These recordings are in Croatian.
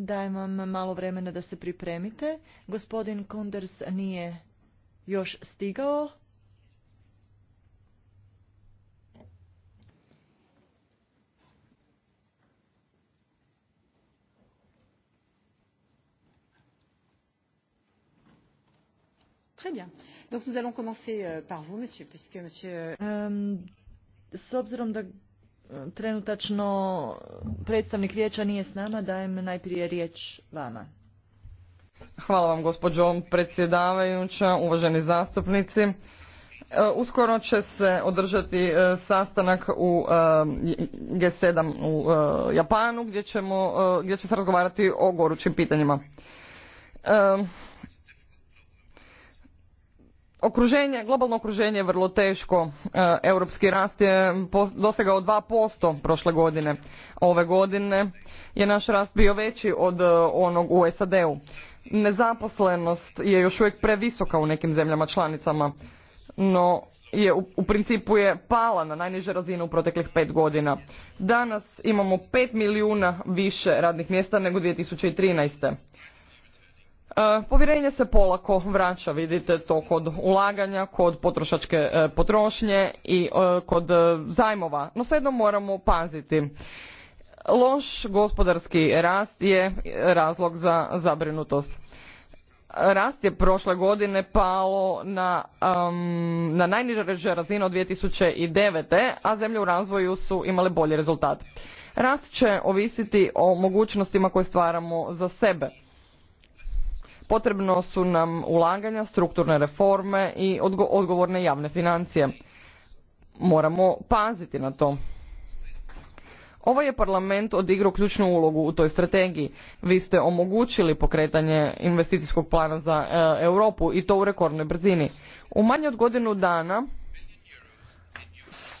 Dajem vam malo vremena da se pripremite. Gospodin Kunders nije još stigao. Très bien. Donc nous allons commencer euh, par vous, monsieur, puisque monsieur... Um, s obzirom da Trenutačno predstavnik vijeća nije s nama, dajem najprije riječ vama. Hvala vam gospođo predsjedavajuća, uvaženi zastupnici. E, uskoro će se održati e, sastanak u e, G7 u Japanu gdje, ćemo, gdje će se razgovarati o gorućim pitanjima okruženje, globalno okruženje je vrlo teško. E, europski rast je dosegao posto prošle godine. Ove godine je naš rast bio veći od e, onog u SAD-u. Nezaposlenost je još uvijek previsoka u nekim zemljama članicama, no je u, principu je pala na najniže razine u proteklih pet godina. Danas imamo pet milijuna više radnih mjesta nego 2013. E, povjerenje se polako vraća, vidite to kod ulaganja, kod potrošačke e, potrošnje i e, kod zajmova, no svejedno moramo paziti. Loš gospodarski rast je razlog za zabrinutost. Rast je prošle godine palo na, na najniže razine od 2009. a zemlje u razvoju su imale bolji rezultat. Rast će ovisiti o mogućnostima koje stvaramo za sebe Potrebno su nam ulaganja, strukturne reforme i odgovorne javne financije. Moramo paziti na to. Ovaj je parlament odigrao ključnu ulogu u toj strategiji. Vi ste omogućili pokretanje investicijskog plana za e, Europu i to u rekordnoj brzini. U manje od godinu dana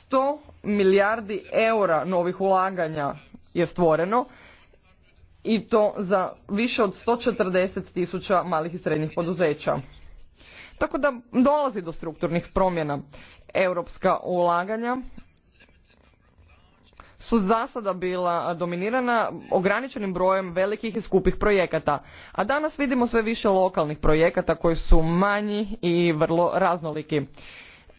100 milijardi eura novih ulaganja je stvoreno i to za više od 140 tisuća malih i srednjih poduzeća. Tako da dolazi do strukturnih promjena. Europska ulaganja su zasada bila dominirana ograničenim brojem velikih i skupih projekata, a danas vidimo sve više lokalnih projekata koji su manji i vrlo raznoliki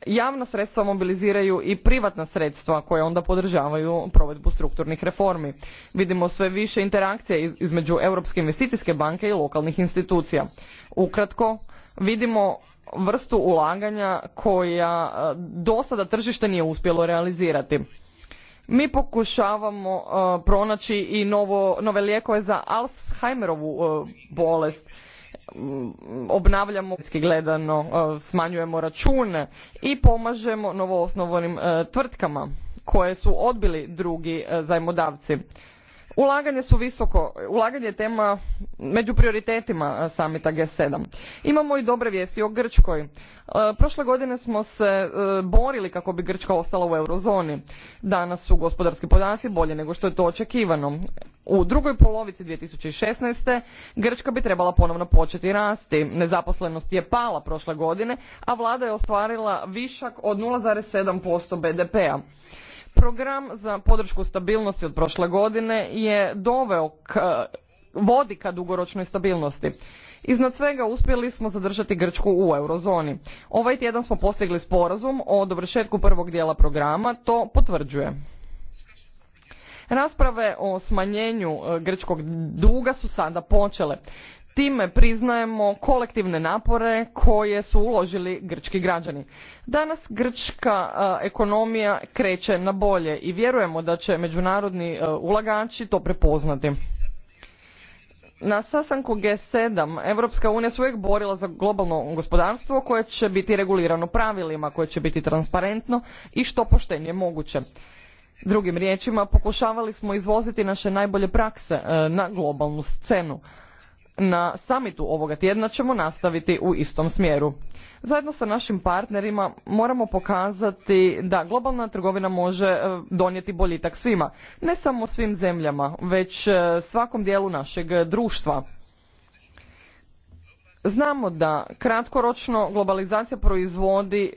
javna sredstva mobiliziraju i privatna sredstva koja onda podržavaju provedbu strukturnih reformi. Vidimo sve više interakcije između Europske investicijske banke i lokalnih institucija. Ukratko, vidimo vrstu ulaganja koja e, do sada tržište nije uspjelo realizirati. Mi pokušavamo e, pronaći i nove lijekove za Alzheimerovu e, bolest Mm, obnavljamo gledano e, smanjujemo račune i pomažemo novoosnovanim e, tvrtkama koje su odbili drugi e, zajmodavci. Ulaganje su visoko, ulaganje je tema među prioritetima samita G7. Imamo i dobre vijesti o Grčkoj. E, prošle godine smo se e, borili kako bi Grčka ostala u eurozoni. Danas su gospodarski podaci bolje nego što je to očekivano. U drugoj polovici 2016. Grčka bi trebala ponovno početi rasti. Nezaposlenost je pala prošle godine, a vlada je ostvarila višak od 0,7% BDP-a. Program za podršku stabilnosti od prošle godine je doveo k, e, vodi ka dugoročnoj stabilnosti. Iznad svega uspjeli smo zadržati Grčku u eurozoni. Ovaj tjedan smo postigli sporazum o dovršetku prvog dijela programa, to potvrđuje. Rasprave o smanjenju e, grčkog duga su sada počele. Time priznajemo kolektivne napore koje su uložili grčki građani. Danas grčka ekonomija kreće na bolje i vjerujemo da će međunarodni ulagači to prepoznati. Na sastanku G7 Europska unija se uvijek borila za globalno gospodarstvo koje će biti regulirano pravilima, koje će biti transparentno i što poštenije moguće. Drugim riječima, pokušavali smo izvoziti naše najbolje prakse na globalnu scenu. Na samitu ovoga tjedna ćemo nastaviti u istom smjeru. Zajedno sa našim partnerima moramo pokazati da globalna trgovina može e, donijeti boljitak svima, ne samo svim zemljama, već e, svakom dijelu našeg društva. Znamo da kratkoročno globalizacija proizvodi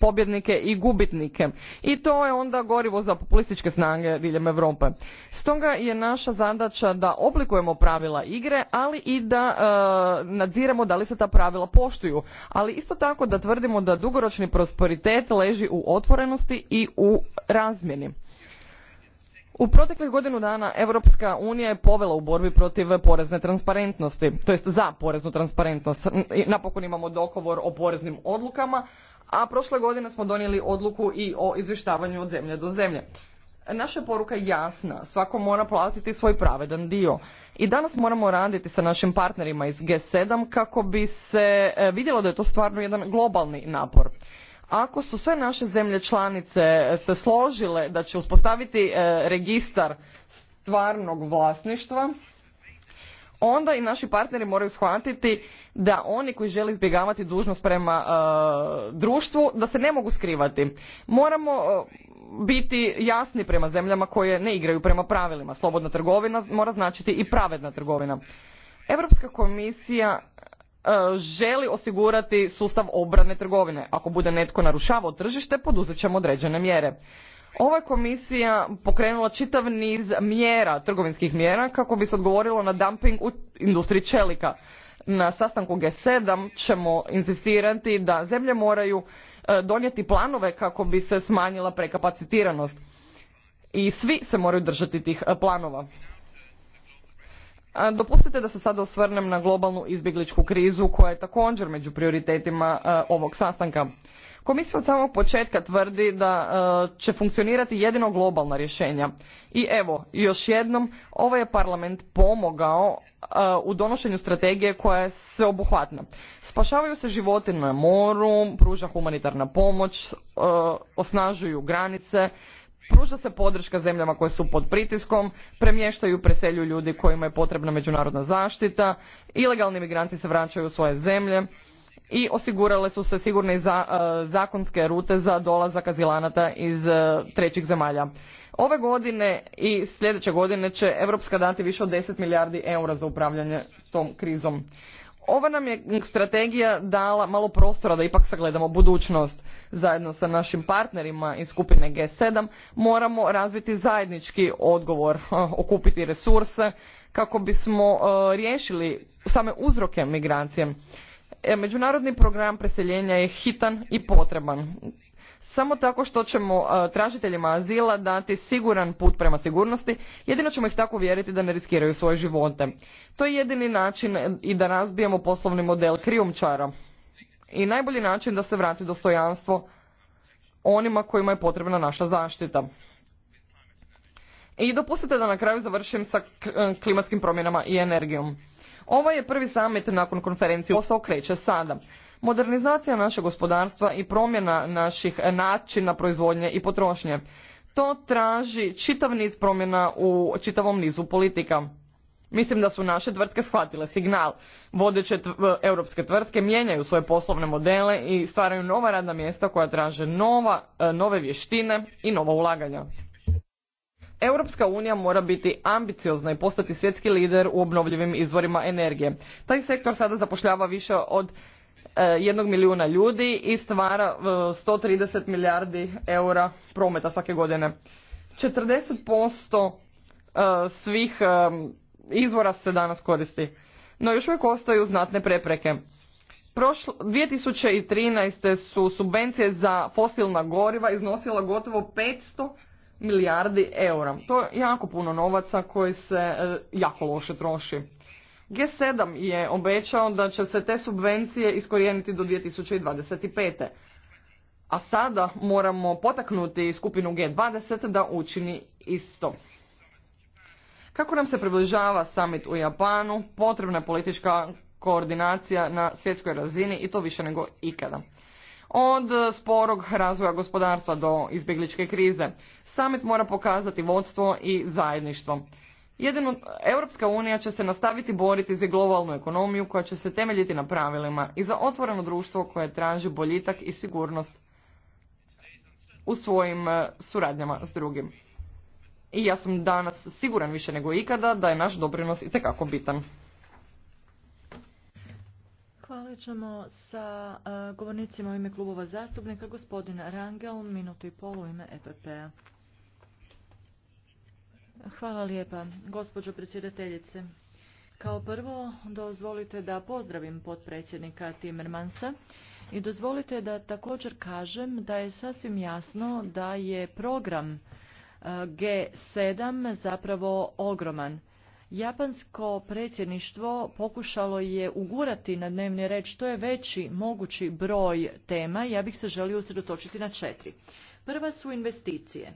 pobjednike i gubitnike i to je onda gorivo za populističke snage diljem Europe. Stoga je naša zadaća da oblikujemo pravila igre, ali i da e, nadziremo da li se ta pravila poštuju, ali isto tako da tvrdimo da dugoročni prosperitet leži u otvorenosti i u razmjeni. U proteklih godinu dana Europska unija je povela u borbi protiv porezne transparentnosti, to jest za poreznu transparentnost. Napokon imamo dogovor o poreznim odlukama, a prošle godine smo donijeli odluku i o izvještavanju od zemlje do zemlje. Naša poruka je jasna, svako mora platiti svoj pravedan dio. I danas moramo raditi sa našim partnerima iz G7 kako bi se e, vidjelo da je to stvarno jedan globalni napor. Ako su sve naše zemlje članice e, se složile da će uspostaviti e, registar stvarnog vlasništva, onda i naši partneri moraju shvatiti da oni koji žele izbjegavati dužnost prema e, društvu da se ne mogu skrivati moramo e, biti jasni prema zemljama koje ne igraju prema pravilima slobodna trgovina mora značiti i pravedna trgovina europska komisija e, želi osigurati sustav obrane trgovine ako bude netko narušavao tržište poduzet ćemo određene mjere ova komisija pokrenula čitav niz mjera, trgovinskih mjera, kako bi se odgovorilo na dumping u industriji čelika. Na sastanku G7 ćemo insistirati da zemlje moraju e, donijeti planove kako bi se smanjila prekapacitiranost. I svi se moraju držati tih e, planova. Dopustite da se sada osvrnem na globalnu izbjegličku krizu koja je također među prioritetima e, ovog sastanka. Komisija od samog početka tvrdi da e, će funkcionirati jedino globalna rješenja. I evo, još jednom, ovaj je parlament pomogao e, u donošenju strategije koja je sveobuhvatna. Spašavaju se životin na moru, pruža humanitarna pomoć, e, osnažuju granice, pruža se podrška zemljama koje su pod pritiskom premještaju i preselju ljudi kojima je potrebna međunarodna zaštita ilegalni migranti se vraćaju u svoje zemlje i osigurale su se sigurne e, zakonske rute za dolazak azilanata iz e, trećih zemalja. Ove godine i sljedeće godine će Europska dati više od 10 milijardi eura za upravljanje tom krizom. Ova nam je strategija dala malo prostora da ipak sagledamo budućnost. Zajedno sa našim partnerima iz skupine G7 moramo razviti zajednički odgovor, e, okupiti resurse kako bismo riješili same uzroke migracije. E, međunarodni program preseljenja je hitan i potreban samo tako što ćemo e, tražiteljima azila dati siguran put prema sigurnosti jedino ćemo ih tako uvjeriti da ne riskiraju svoje živote to je jedini način i da razbijemo poslovni model krijumčara i najbolji način da se vrati dostojanstvo onima kojima je potrebna naša zaštita i dopustite da na kraju završim sa e, klimatskim promjenama i energijom ovo ovaj je prvi summit nakon konferencije posao kreće sada. Modernizacija našeg gospodarstva i promjena naših načina proizvodnje i potrošnje. To traži čitav niz promjena u čitavom nizu politika. Mislim da su naše tvrtke shvatile signal. Vodeće europske tvrtke mijenjaju svoje poslovne modele i stvaraju nova radna mjesta koja traže nova, e, nove vještine i nova ulaganja. Europska unija mora biti ambiciozna i postati svjetski lider u obnovljivim izvorima energije. Taj sektor sada zapošljava više od e, jednog milijuna ljudi i stvara 130 e, milijardi eura prometa svake godine. 40% e, svih izvora se danas koristi. No još uvijek ostaju znatne prepreke. Prošlo, 2013. su subvencije za fosilna goriva iznosila gotovo 500 milijardi eura. To je jako puno novaca koji se e, jako loše troši. G7 je obećao da će se te subvencije iskorijeniti do 2025. A sada moramo potaknuti skupinu G20 da učini isto. Kako nam se približava summit u Japanu, potrebna je politička koordinacija na svjetskoj razini i to više nego ikada od sporog razvoja gospodarstva do izbjegličke krize. Summit mora pokazati vodstvo i zajedništvo. Jedino, Europska unija će se nastaviti boriti za globalnu ekonomiju koja će se temeljiti na pravilima i za otvoreno društvo koje traži boljitak i sigurnost u svojim e, suradnjama s drugim. I ja sam danas siguran više nego ikada da je naš doprinos itekako bitan. Nastavit ćemo sa e, govornicima u ime klubova zastupnika, gospodin Rangel, minutu i pol u ime EPP-a. Hvala lijepa, gospođo predsjedateljice. Kao prvo, dozvolite da pozdravim potpredsjednika Timmermansa i dozvolite da također kažem da je sasvim jasno da je program e, G7 zapravo ogroman. Japansko predsjedništvo pokušalo je ugurati na dnevni red što je veći mogući broj tema. Ja bih se želio usredotočiti na četiri. Prva su investicije.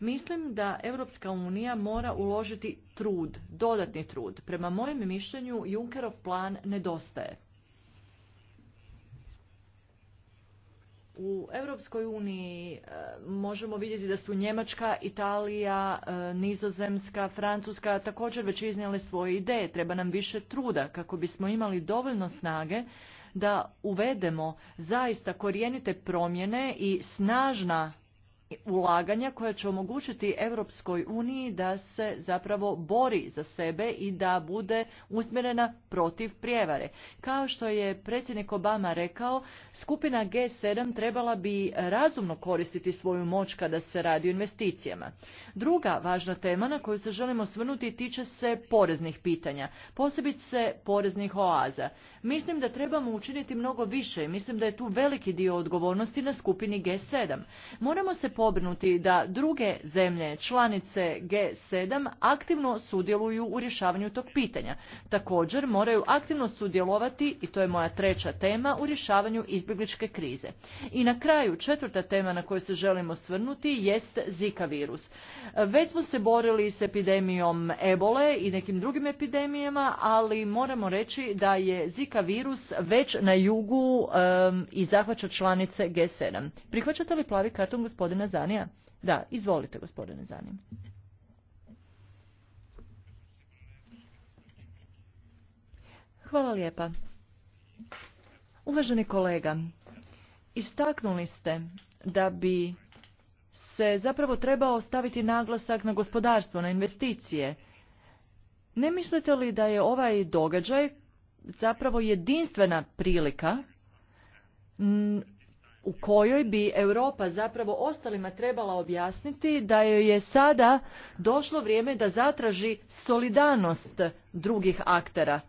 Mislim da Europska unija mora uložiti trud, dodatni trud. Prema mojem mišljenju Junckerov plan nedostaje. U Europskoj uniji e, možemo vidjeti da su Njemačka, Italija, e, Nizozemska, Francuska također već iznijele svoje ideje. Treba nam više truda kako bismo imali dovoljno snage da uvedemo zaista korijenite promjene i snažna ulaganja koja će omogućiti Europskoj uniji da se zapravo bori za sebe i da bude usmjerena protiv prijevare. Kao što je predsjednik Obama rekao, skupina G7 trebala bi razumno koristiti svoju moć kada se radi o investicijama. Druga važna tema na koju se želimo svrnuti tiče se poreznih pitanja, posebice poreznih oaza. Mislim da trebamo učiniti mnogo više i mislim da je tu veliki dio odgovornosti na skupini G7. Moramo se pobrinuti da druge zemlje članice G7 aktivno sudjeluju u rješavanju tog pitanja. Također moraju aktivno sudjelovati, i to je moja treća tema, u rješavanju izbjegličke krize. I na kraju četvrta tema na koju se želimo svrnuti jest Zika virus. Već smo se borili s epidemijom ebole i nekim drugim epidemijama, ali moramo reći da je Zika virus već na jugu i zahvaća članice G7. Prihvaćate li plavi karton gospodina gospodina Zanija? Da, izvolite gospodine Zanija. Hvala lijepa. Uvaženi kolega, istaknuli ste da bi se zapravo trebao staviti naglasak na gospodarstvo, na investicije. Ne mislite li da je ovaj događaj zapravo jedinstvena prilika u kojoj bi Europa zapravo ostalima trebala objasniti da joj je sada došlo vrijeme da zatraži solidarnost drugih aktera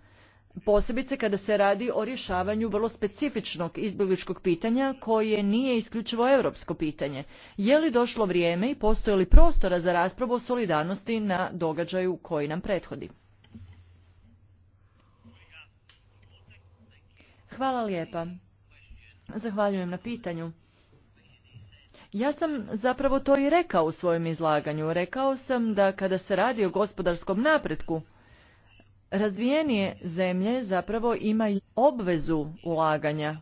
posebice kada se radi o rješavanju vrlo specifičnog izbjegličkog pitanja koje nije isključivo europsko pitanje. Je li došlo vrijeme i postoje li prostora za raspravu o solidarnosti na događaju koji nam prethodi? Hvala lijepa. Zahvaljujem na pitanju. Ja sam zapravo to i rekao u svojem izlaganju. Rekao sam da kada se radi o gospodarskom napretku, razvijenije zemlje zapravo imaju obvezu ulaganja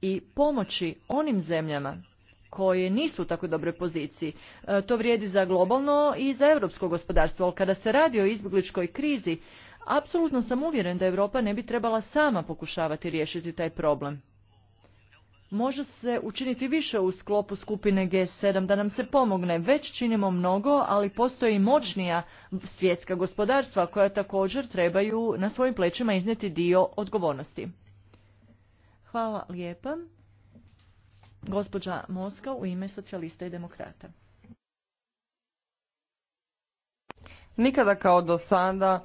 i pomoći onim zemljama koje nisu u tako dobroj poziciji. E, to vrijedi za globalno i za evropsko gospodarstvo, ali kada se radi o izbjegličkoj krizi, apsolutno sam uvjeren da Europa ne bi trebala sama pokušavati riješiti taj problem. Može se učiniti više u sklopu skupine G7 da nam se pomogne. Već činimo mnogo, ali postoji i moćnija svjetska gospodarstva koja također trebaju na svojim plećima iznijeti dio odgovornosti. Hvala lijepa. Gospođa Moska u ime socijalista i demokrata. Nikada kao do sada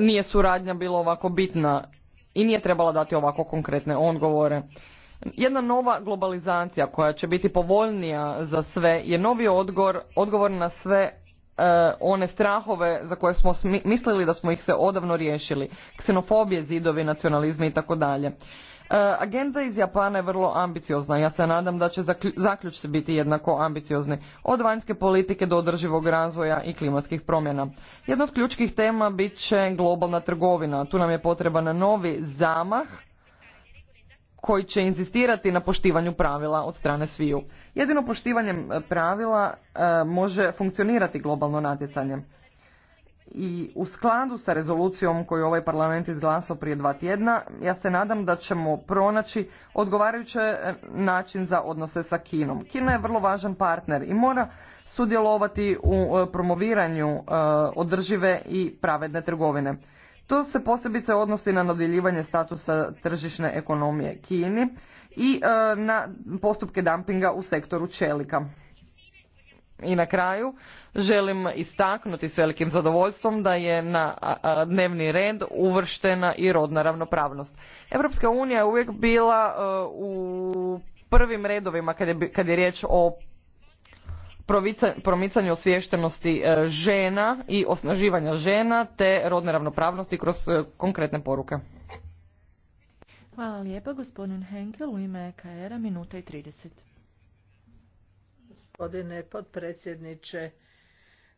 nije suradnja bila ovako bitna i nije trebala dati ovako konkretne odgovore. Jedna nova globalizacija koja će biti povoljnija za sve je novi odgovor, odgovor na sve e, one strahove za koje smo mislili da smo ih se odavno riješili. Ksenofobije, zidovi, nacionalizmi i tako dalje. E, agenda iz Japana je vrlo ambiciozna. Ja se nadam da će zaključci biti jednako ambiciozni. Od vanjske politike do održivog razvoja i klimatskih promjena. Jedna od ključkih tema bit će globalna trgovina. Tu nam je potreban novi zamah koji će inzistirati na poštivanju pravila od strane sviju. Jedino poštivanjem e, pravila e, može funkcionirati globalno natjecanje i u skladu sa rezolucijom koju ovaj parlament izglasao prije dva tjedna, ja se nadam da ćemo pronaći odgovarajući e, način za odnose sa Kinom. Kina je vrlo važan partner i mora sudjelovati u e, promoviranju e, održive i pravedne trgovine. To se posebice odnosi na nadjeljivanje statusa tržišne ekonomije Kini i na postupke dumpinga u sektoru čelika. I na kraju želim istaknuti s velikim zadovoljstvom da je na dnevni red uvrštena i rodna ravnopravnost. Europska unija je uvijek bila e, u prvim redovima kad je, riječ o promicanju osviještenosti e, žena i osnaživanja žena te rodne ravnopravnosti kroz e, konkretne poruke. Hvala lijepa gospodin Henkel u ime kr minuta i 30 gospodine potpredsjedniče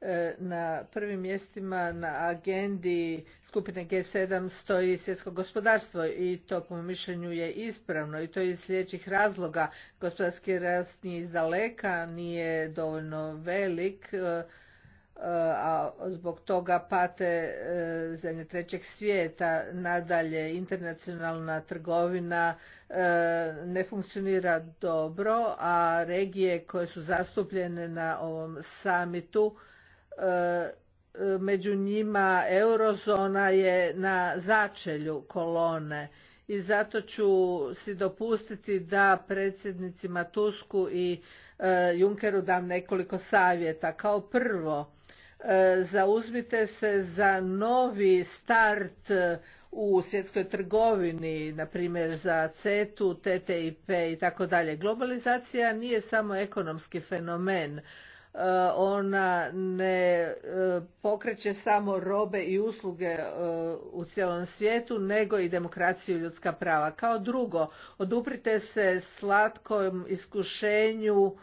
e, na prvim mjestima na agendi skupine G7 stoji svjetsko gospodarstvo i to po mišljenju je ispravno i to iz sljedećih razloga. Gospodarski rast nije izdaleka, nije dovoljno velik, e, E, a zbog toga pate e, zemlje trećeg svijeta. Nadalje, internacionalna trgovina e, ne funkcionira dobro, a regije koje su zastupljene na ovom samitu, među njima eurozona je na začelju kolone. I zato ću si dopustiti da predsjednicima Tusku i Junkeru dam nekoliko savjeta. Kao prvo, E, zauzmite se za novi start e, u svjetskoj trgovini, na primjer za CETU, TTIP i tako dalje. Globalizacija nije samo ekonomski fenomen. E, ona ne pokreće samo robe i usluge u cijelom svijetu, nego i demokraciju i ljudska prava. Kao drugo, oduprite se slatkom iskušenju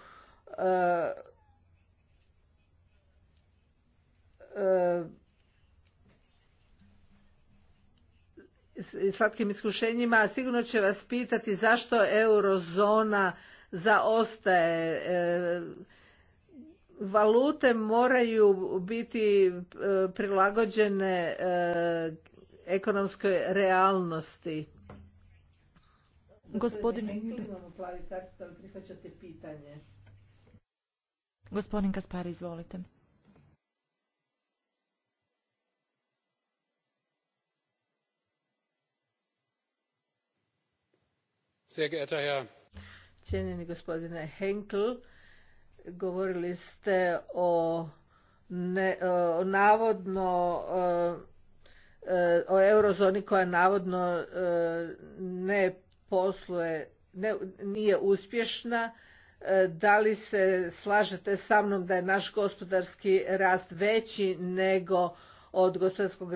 slatkim iskušenjima, sigurno će vas pitati zašto eurozona zaostaje. Valute moraju biti prilagođene ekonomskoj realnosti. Gospodin... Gospodin Kaspar, izvolite. sehr Cijenjeni gospodine Henkel, govorili ste o, navodno e, e, o eurozoni koja navodno e, ne posluje, nije uspješna. Da li se slažete sa mnom da je naš gospodarski rast veći nego od gospodarskog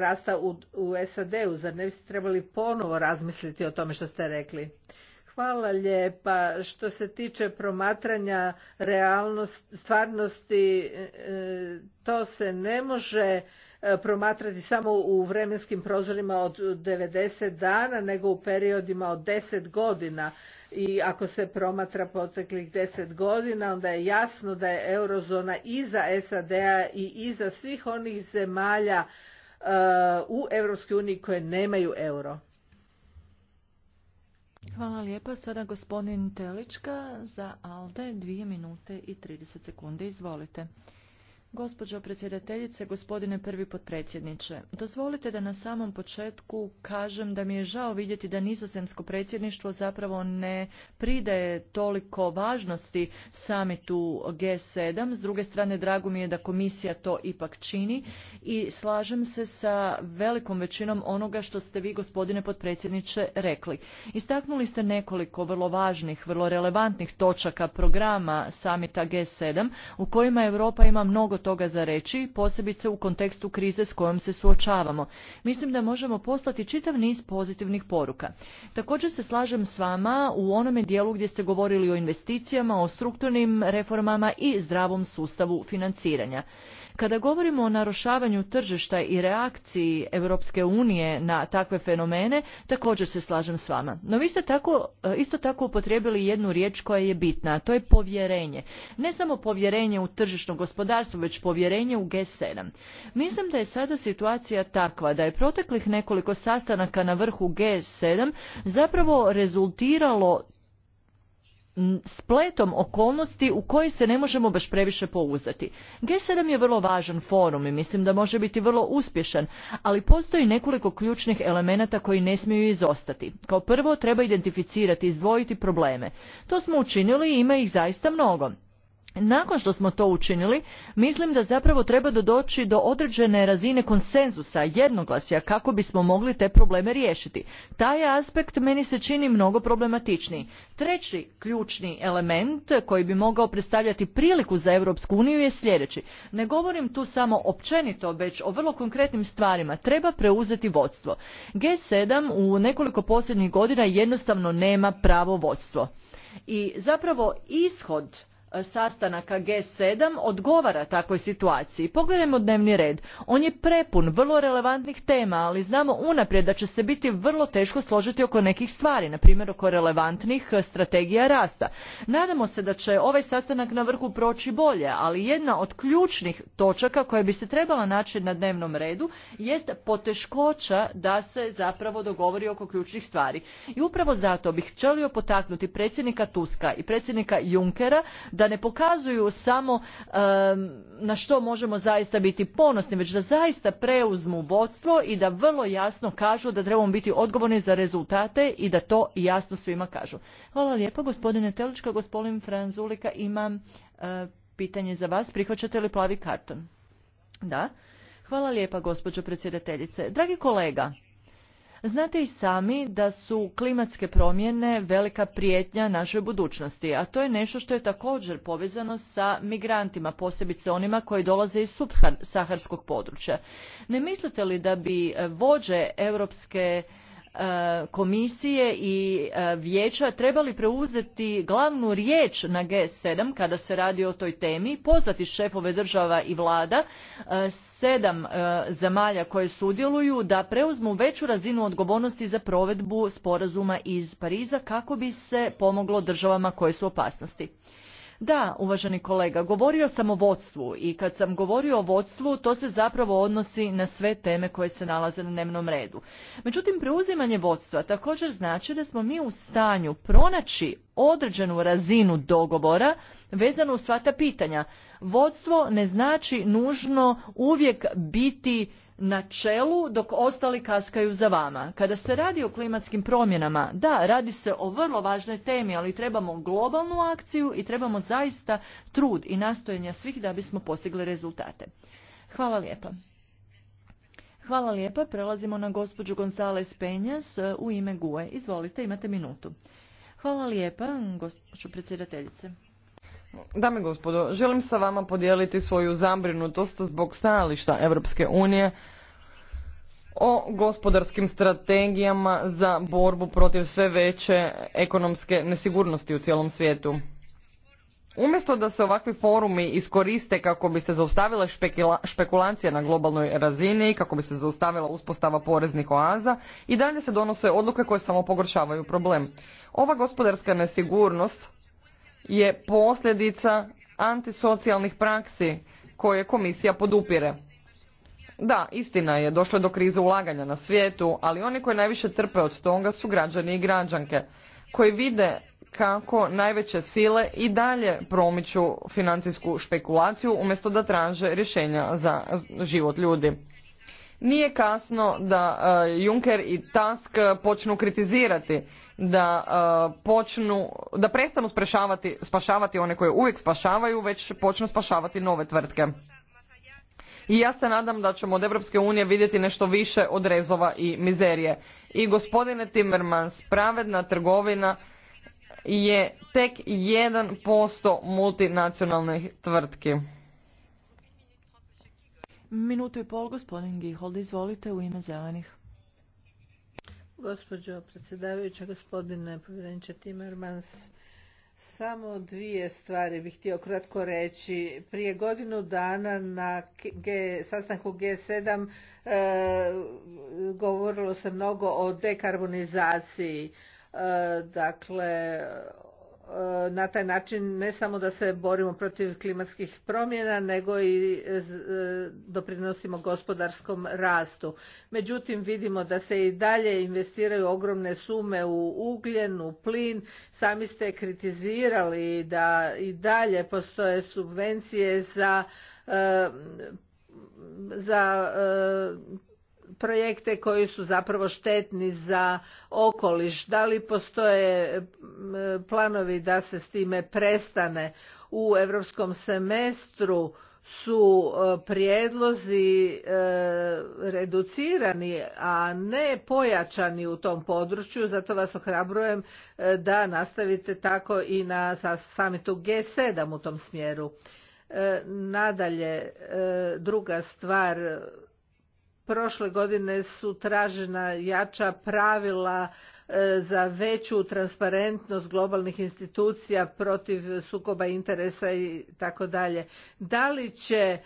rasta, u, u SAD-u. Zar ne biste trebali ponovo razmisliti o tome što ste rekli? Hvala lijepa. Što se tiče promatranja realnost, stvarnosti, e, to se ne može e, promatrati samo u vremenskim prozorima od 90 dana, nego u periodima od 10 godina i ako se promatra proteklih deset godina onda je jasno da je eurozona iza SAD-a i iza svih onih zemalja e, u Europskoj uniji koje nemaju euro. Hvala lijepa. Sada gospodin Telička za ALDE, dvije minute i 30 sekunde. Izvolite. Gospođo predsjedateljice, gospodine prvi potpredsjedniče, dozvolite da na samom početku kažem da mi je žao vidjeti da nizozemsko predsjedništvo zapravo ne pridaje toliko važnosti samitu G7. S druge strane, drago mi je da komisija to ipak čini i slažem se sa velikom većinom onoga što ste vi, gospodine potpredsjedniče, rekli. Istaknuli ste nekoliko vrlo važnih, vrlo relevantnih točaka programa samita G7 u kojima Europa ima mnogo toga za reći, posebice u kontekstu krize s kojom se suočavamo. Mislim da možemo poslati čitav niz pozitivnih poruka. Također se slažem s vama u onome dijelu gdje ste govorili o investicijama, o strukturnim reformama i zdravom sustavu financiranja. Kada govorimo o narušavanju tržišta i reakciji Europske unije na takve fenomene, također se slažem s vama. No vi ste tako, e, isto tako upotrijebili jednu riječ koja je bitna, a to je povjerenje. Ne samo povjerenje u tržišno gospodarstvo, već povjerenje u G7. Mislim da je sada situacija takva da je proteklih nekoliko sastanaka na vrhu G7 zapravo rezultiralo spletom okolnosti u koje se ne možemo baš previše pouzdati. G7 je vrlo važan forum i mislim da može biti vrlo uspješan, ali postoji nekoliko ključnih elemenata koji ne smiju izostati. Kao prvo treba identificirati i izdvojiti probleme. To smo učinili i ima ih zaista mnogo nakon što smo to učinili, mislim da zapravo treba doći do određene razine konsenzusa, jednoglasja, kako bismo mogli te probleme riješiti. Taj aspekt meni se čini mnogo problematičniji. Treći ključni element koji bi mogao predstavljati priliku za Europsku uniju je sljedeći. Ne govorim tu samo općenito, već o vrlo konkretnim stvarima. Treba preuzeti vodstvo. G7 u nekoliko posljednjih godina jednostavno nema pravo vodstvo. I zapravo ishod E, sastanaka G7 odgovara takvoj situaciji. Pogledajmo dnevni red. On je prepun vrlo relevantnih tema, ali znamo unaprijed da će se biti vrlo teško složiti oko nekih stvari, na primjer oko relevantnih e, strategija rasta. Nadamo se da će ovaj sastanak na vrhu proći bolje, ali jedna od ključnih točaka koja bi se trebala naći na dnevnom redu jest poteškoća da se zapravo dogovori oko ključnih stvari. I upravo zato bih želio potaknuti predsjednika Tuska i predsjednika Junkera da ne pokazuju samo na što možemo zaista biti ponosni, već da zaista preuzmu vodstvo i da vrlo jasno kažu da trebamo biti odgovorni za rezultate i da to jasno svima kažu. Hvala lijepo gospodine Telička, gospodin Franzulika imam eh, pitanje za vas. Prihvaćate li plavi karton? Da. Hvala lijepa gospođo predsjedateljice. Dragi kolega, Znate i sami da su klimatske promjene velika prijetnja našoj budućnosti, a to je nešto što je također povezano sa migrantima, posebice onima koji dolaze iz subsaharskog područja. Ne mislite li da bi vođe Europske E, komisije i e, vijeća trebali preuzeti glavnu riječ na G7 kada se radi o toj temi, pozvati šefove država i vlada e, sedam zemalja koje sudjeluju da preuzmu veću razinu odgovornosti za provedbu sporazuma iz Pariza kako bi se pomoglo državama koje su opasnosti. Da, uvaženi kolega, govorio sam o vodstvu i kad sam govorio o vodstvu, to se zapravo odnosi na sve teme koje se nalaze na dnevnom redu. Međutim, preuzimanje vodstva također znači da smo mi u stanju pronaći određenu razinu dogovora vezanu u sva ta pitanja. Vodstvo ne znači nužno uvijek biti na čelu dok ostali kaskaju za vama. Kada se radi o klimatskim promjenama, da, radi se o vrlo važnoj temi, ali trebamo globalnu akciju i trebamo zaista trud i nastojenja svih da bismo postigli rezultate. Hvala lijepa. Hvala lijepa. Prelazimo na gospođu Gonzales Penjas e, u ime GUE. Izvolite, imate minutu. Hvala lijepa, gospođu predsjedateljice. Dame i gospodo, želim sa vama podijeliti svoju zabrinutost zbog stajališta Europske unije o gospodarskim strategijama za borbu protiv sve veće ekonomske nesigurnosti u cijelom svijetu. Umjesto da se ovakvi forumi iskoriste kako bi se zaustavila špekulacija na globalnoj razini, kako bi se zaustavila uspostava poreznih oaza i dalje se donose odluke koje samo pogoršavaju problem. Ova gospodarska nesigurnost je posljedica antisocijalnih praksi koje komisija podupire. Da, istina je, došlo je do krize ulaganja na svijetu, ali oni koji najviše trpe od toga su građani i građanke, koji vide kako najveće sile i dalje promiču financijsku špekulaciju umjesto da traže rješenja za život ljudi. Nije kasno da e, Juncker i Tusk počnu kritizirati, da e, počnu, da prestanu spašavati one koje uvijek spašavaju, već počnu spašavati nove tvrtke. I ja se nadam da ćemo od Europske unije vidjeti nešto više od rezova i mizerije. I gospodine Timmermans, pravedna trgovina je tek 1% multinacionalnih tvrtki. Minutu i pol, gospodin Gihold, izvolite u ime zelenih. Gospođo predsjedavajuća, gospodine povjereniče Timmermans, samo dvije stvari bih htio kratko reći. Prije godinu dana na sastanku G7 e, govorilo se mnogo o dekarbonizaciji. E, dakle, E, na taj način ne samo da se borimo protiv klimatskih promjena nego i e, e, doprinosimo gospodarskom rastu. Međutim vidimo da se i dalje investiraju ogromne sume u ugljen, u plin. Sami ste kritizirali da i dalje postoje subvencije za za projekte koji su zapravo štetni za okoliš. Da li postoje planovi da se s time prestane? U europskom semestru su e, prijedlozi e, reducirani, a ne pojačani u tom području, zato vas ohrabrujem e, da nastavite tako i na samitu G7 u tom smjeru. Nadalje, druga stvar, prošle godine su tražena jača pravila e, za veću transparentnost globalnih institucija protiv sukoba interesa i tako dalje. Da li će e,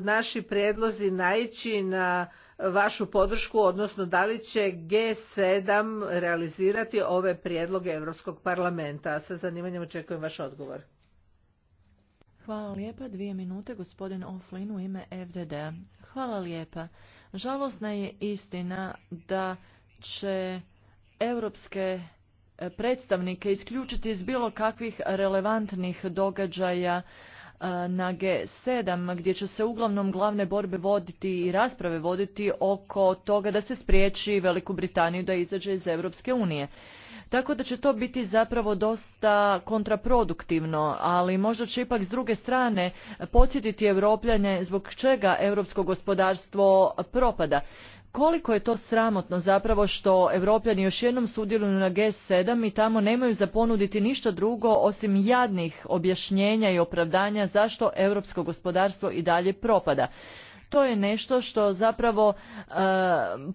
naši prijedlozi naići na vašu podršku, odnosno da li će G7 realizirati ove prijedloge Europskog parlamenta? Sa zanimanjem očekujem vaš odgovor. Hvala lijepa. Dvije minute, gospodin Oflin u ime fdd Hvala lijepa. Žalosna je istina da će europske e, predstavnike isključiti iz bilo kakvih relevantnih događaja E, na G7 gdje će se uglavnom glavne borbe voditi i rasprave voditi oko toga da se spriječi Veliku Britaniju da izađe iz Europske unije. Tako da će to biti zapravo dosta kontraproduktivno, ali možda će ipak s druge strane podsjetiti evropljanje zbog čega europsko gospodarstvo propada koliko je to sramotno zapravo što Evropljani još jednom sudjeluju na G7 i tamo nemaju za ponuditi ništa drugo osim jadnih objašnjenja i opravdanja zašto europsko gospodarstvo i dalje propada to je nešto što zapravo e,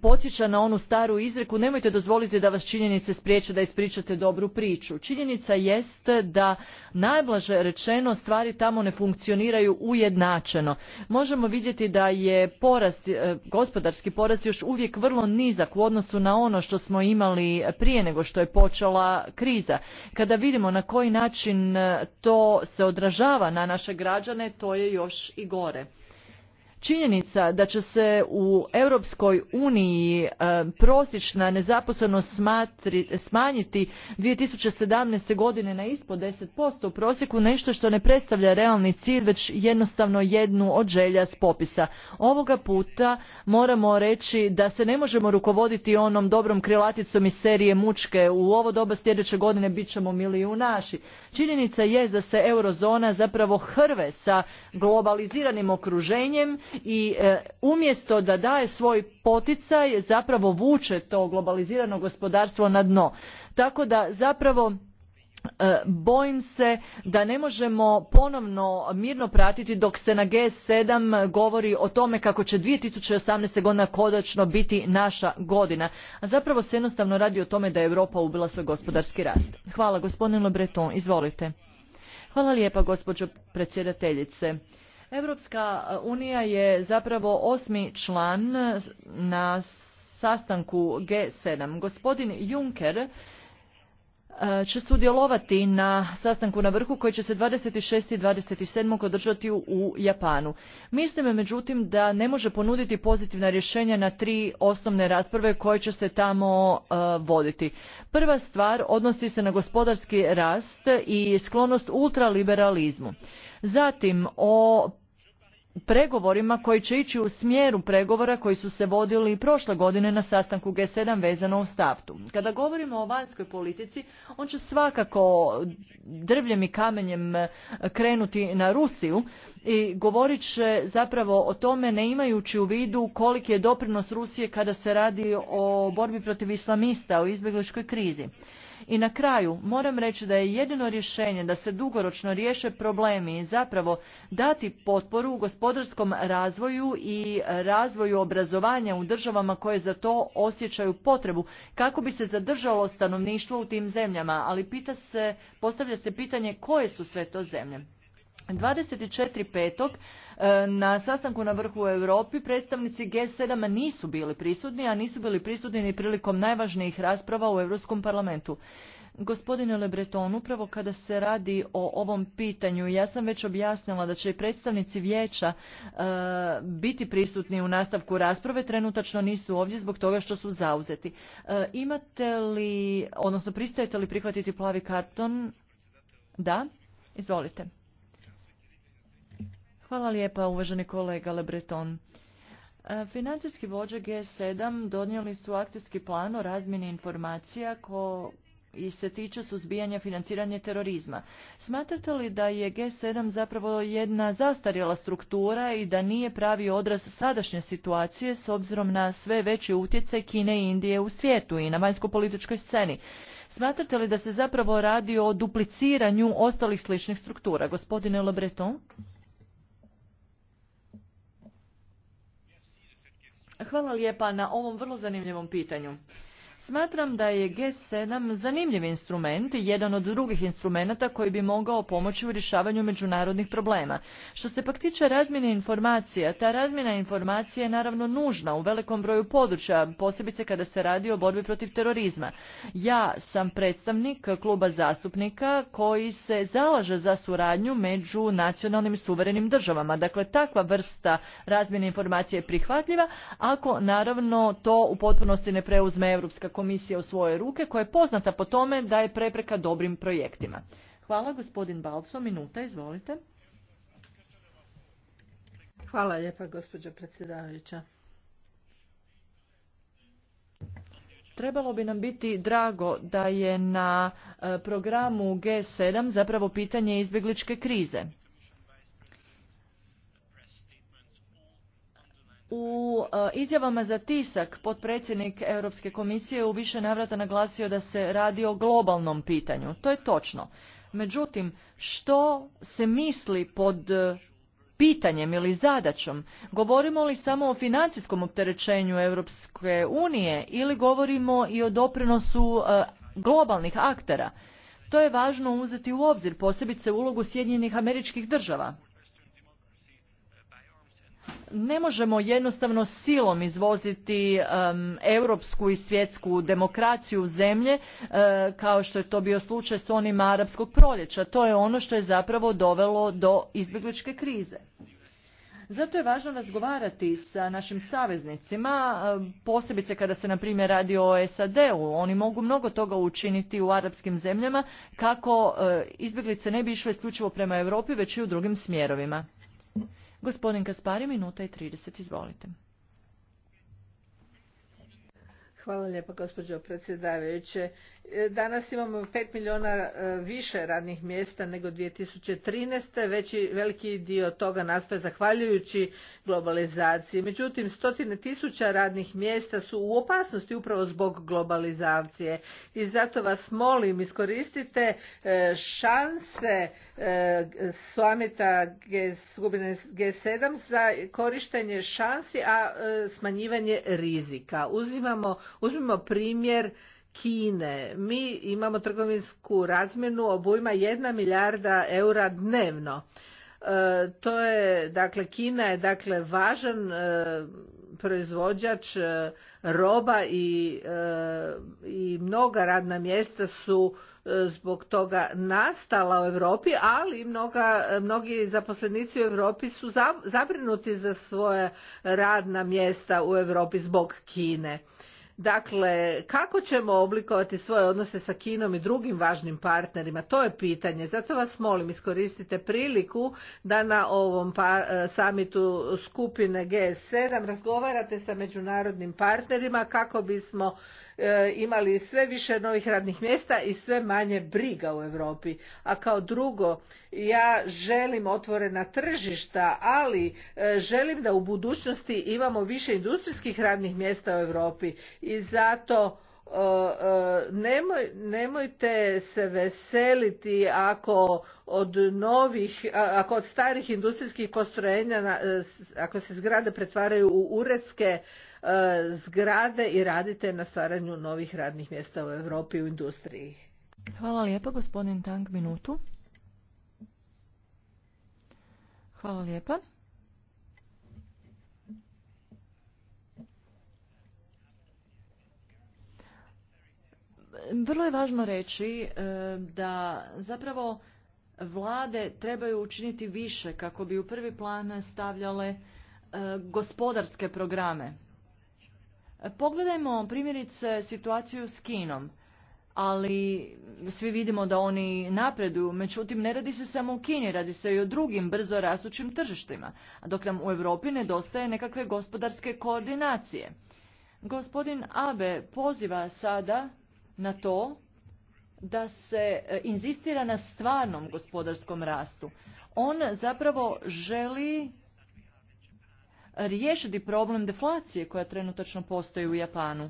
podsjeća na onu staru izreku nemojte dozvoliti da vas činjenice spriječe da ispričate dobru priču. Činjenica jest da najblaže rečeno stvari tamo ne funkcioniraju ujednačeno. Možemo vidjeti da je porast, e, gospodarski porast još uvijek vrlo nizak u odnosu na ono što smo imali prije nego što je počela kriza. Kada vidimo na koji način e, to se odražava na naše građane, to je još i gore. Činjenica da će se u Europskoj uniji e, prosječna nezaposlenost smanjiti 2017. godine na ispod 10% u prosjeku nešto što ne predstavlja realni cilj već jednostavno jednu od želja s popisa. Ovoga puta moramo reći da se ne možemo rukovoditi onom dobrom krilaticom iz serije Mučke. U ovo doba sljedeće godine bit ćemo milijunaši. Činjenica je da se eurozona zapravo hrve sa globaliziranim okruženjem i e, umjesto da daje svoj poticaj zapravo vuče to globalizirano gospodarstvo na dno. Tako da zapravo e, bojim se da ne možemo ponovno mirno pratiti dok se na G7 govori o tome kako će 2018. godina kodačno biti naša godina. A zapravo se jednostavno radi o tome da je Europa ubila svoj gospodarski rast. Hvala gospodine Lebreton, izvolite. Hvala lijepa gospođo predsjedateljice. Europska unija je zapravo osmi član na sastanku G7. Gospodin Juncker e, će sudjelovati na sastanku na vrhu koji će se 26. i 27. održati u Japanu. Mislim međutim da ne može ponuditi pozitivna rješenja na tri osnovne rasprave koje će se tamo e, voditi. Prva stvar odnosi se na gospodarski rast i sklonost ultraliberalizmu. Zatim o pregovorima koji će ići u smjeru pregovora koji su se vodili prošle godine na sastanku G7 vezano u stavtu. Kada govorimo o vanjskoj politici, on će svakako drvljem i kamenjem krenuti na Rusiju i govorit će zapravo o tome ne imajući u vidu koliki je doprinos Rusije kada se radi o borbi protiv islamista, o izbjegličkoj krizi. I na kraju moram reći da je jedino rješenje da se dugoročno riješe problemi i zapravo dati potporu gospodarskom razvoju i razvoju obrazovanja u državama koje za to osjećaju potrebu kako bi se zadržalo stanovništvo u tim zemljama, ali pita se, postavlja se pitanje koje su sve to zemlje. 24.5. E, na sastanku na vrhu u Europi predstavnici G7 nisu bili prisutni, a nisu bili prisutni ni prilikom najvažnijih rasprava u Europskom parlamentu. Gospodine Le Breton, upravo kada se radi o ovom pitanju, ja sam već objasnila da će i predstavnici vijeća e, biti prisutni u nastavku rasprave, trenutačno nisu ovdje zbog toga što su zauzeti. E, imate li, odnosno pristajete li prihvatiti plavi karton? Da, izvolite. Hvala lijepa, uvaženi kolega Lebreton. E, financijski vođe G7 donijeli su akcijski plan o razmjeni informacija ko se tiče suzbijanja financiranja terorizma. Smatrate li da je G7 zapravo jedna zastarjela struktura i da nije pravi odraz sadašnje situacije s obzirom na sve veći utjecaj Kine i Indije u svijetu i na vanjsko-političkoj sceni? Smatrate li da se zapravo radi o dupliciranju ostalih sličnih struktura? Gospodine Lebreton? Hvala lijepa na ovom vrlo zanimljivom pitanju. Smatram da je G7 zanimljiv instrument i jedan od drugih instrumenta koji bi mogao pomoći u rješavanju međunarodnih problema. Što se pak tiče razmjene informacija, ta razmjena informacija je naravno nužna u velikom broju područja, posebice kada se radi o borbi protiv terorizma. Ja sam predstavnik kluba zastupnika koji se zalaže za suradnju među nacionalnim suverenim državama. Dakle, takva vrsta razmjene informacije je prihvatljiva ako naravno to u potpunosti ne preuzme Europska komisije u svoje ruke koja je poznata po tome da je prepreka dobrim projektima. Hvala gospodin Balco, minuta, izvolite. Hvala lijepa gospođa predsjedavajuća. Trebalo bi nam biti drago da je na e, programu G7 zapravo pitanje izbjegličke krize. U e, izjavama za tisak potpredsjednik Europske komisije u više navrata naglasio da se radi o globalnom pitanju. To je točno. Međutim, što se misli pod e, pitanjem ili zadaćom? Govorimo li samo o financijskom opterećenju Europske unije ili govorimo i o doprinosu e, globalnih aktera? To je važno uzeti u obzir, posebice ulogu Sjedinjenih američkih država ne možemo jednostavno silom izvoziti europsku i svjetsku demokraciju zemlje eh, kao što je to bio slučaj s onima arapskog proljeća. To je ono što je zapravo dovelo do izbjegličke krize. Zato je važno razgovarati sa našim saveznicima, posebice kada se na primjer radi o SAD-u. Oni mogu mnogo toga učiniti u arapskim zemljama kako eh, izbjeglice ne bi išle isključivo prema Europi, već i u drugim smjerovima. Gospodin Kaspari, minuta i 30, izvolite. Hvala lijepa gospođo predsjedavajuće. E, danas imamo 5 milijuna e, više radnih mjesta nego 2013. Veći veliki dio toga nastoje zahvaljujući globalizaciji. Međutim, stotine tisuća radnih mjesta su u opasnosti upravo zbog globalizacije. I zato vas molim, iskoristite e, šanse Svameta G7 za korištenje šansi, a e, smanjivanje rizika. uzmimo primjer Kine. Mi imamo trgovinsku razmjenu obujma 1 milijarda eura dnevno. E, to je, dakle, Kina je dakle važan e, proizvođač roba i, i mnoga radna mjesta su zbog toga nastala u Europi, ali mnoga, mnogi zaposlenici u Europi su zabrinuti za svoje radna mjesta u Europi zbog Kine. Dakle, kako ćemo oblikovati svoje odnose sa Kinom i drugim važnim partnerima? To je pitanje. Zato vas molim, iskoristite priliku da na ovom pa, e, samitu skupine G7 razgovarate sa međunarodnim partnerima kako bismo E, imali sve više novih radnih mjesta i sve manje briga u Europi. A kao drugo, ja želim otvorena tržišta, ali e, želim da u budućnosti imamo više industrijskih radnih mjesta u Europi i zato e, nemojte se veseliti ako od novih, ako od starih industrijskih postrojenja, ako se zgrade pretvaraju u uredske E, zgrade i radite na stvaranju novih radnih mjesta u Europi u industriji. Hvala lijepa, gospodin Tang, minutu. Hvala lijepa. Vrlo je važno reći e, da zapravo vlade trebaju učiniti više kako bi u prvi plan stavljale e, gospodarske programe Pogledajmo primjerice situaciju s Kinom, ali svi vidimo da oni napreduju, međutim ne radi se samo u Kini, radi se i o drugim brzo rastućim tržištima, dok nam u Europi nedostaje nekakve gospodarske koordinacije. Gospodin Abe poziva sada na to da se e, inzistira na stvarnom gospodarskom rastu. On zapravo želi riješiti problem deflacije koja trenutačno postoji u Japanu.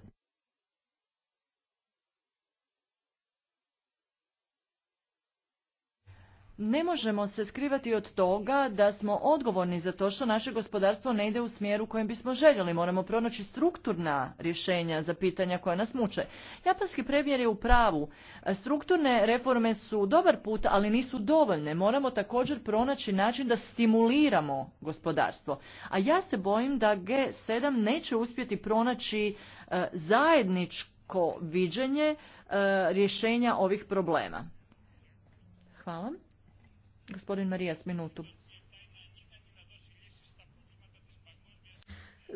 ne možemo se skrivati od toga da smo odgovorni za to što naše gospodarstvo ne ide u smjeru kojem bismo željeli. Moramo pronaći strukturna rješenja za pitanja koja nas muče. Japanski premijer je u pravu. Strukturne reforme su dobar put, ali nisu dovoljne. Moramo također pronaći način da stimuliramo gospodarstvo. A ja se bojim da G7 neće uspjeti pronaći e, zajedničko viđenje e, rješenja ovih problema. Hvala. Gospodin Marijas, minutu.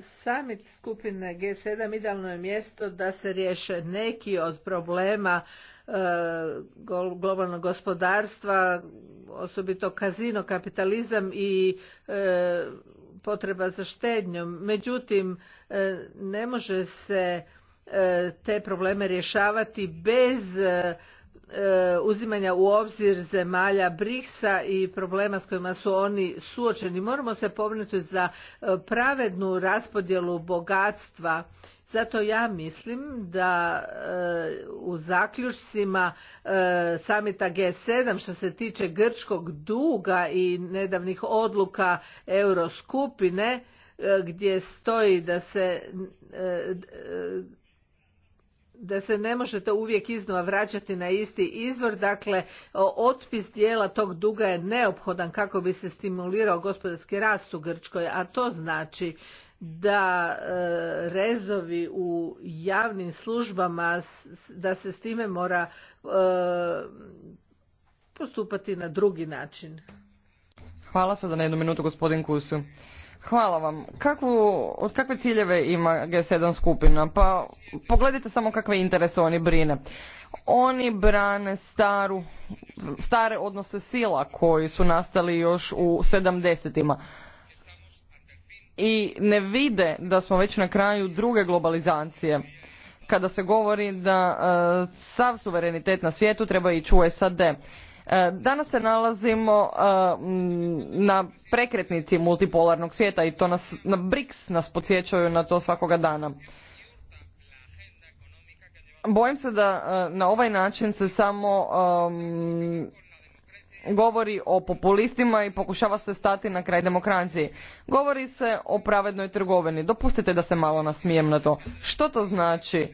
Samit skupine G7 idealno je mjesto da se riješe neki od problema e, globalnog gospodarstva, osobito kazino, kapitalizam i e, potreba za štednjom. Međutim, e, ne može se te probleme rješavati bez E, uzimanja u obzir zemalja BRICS-a i problema s kojima su oni suočeni. Moramo se pobrinuti za e, pravednu raspodjelu bogatstva. Zato ja mislim da e, u zaključcima samita G7 što se tiče grčkog duga i nedavnih odluka euroskupine gdje stoji da se da se ne to uvijek iznova vraćati na isti izvor, dakle otpis dijela tog duga je neophodan kako bi se stimulirao gospodarski rast u Grčkoj, a to znači da e, rezovi u javnim službama, da se s time mora e, postupati na drugi način. Hvala sada na jednu minutu gospodin Kusu. Hvala vam. od kakve ciljeve ima G7 skupina? Pa pogledajte samo kakve interese oni brine. Oni brane staru, stare odnose sila koji su nastali još u 70 I ne vide da smo već na kraju druge globalizacije kada se govori da e, sav suverenitet na svijetu treba ići u SAD E, danas se nalazimo e, na prekretnici multipolarnog svijeta i to nas, na BRICS nas podsjećaju na to svakoga dana. Bojim se da e, na ovaj način se samo govori o populistima i pokušava se stati na kraj demokraciji. Govori se o pravednoj trgovini. Dopustite da se malo nasmijem na to. Što to znači?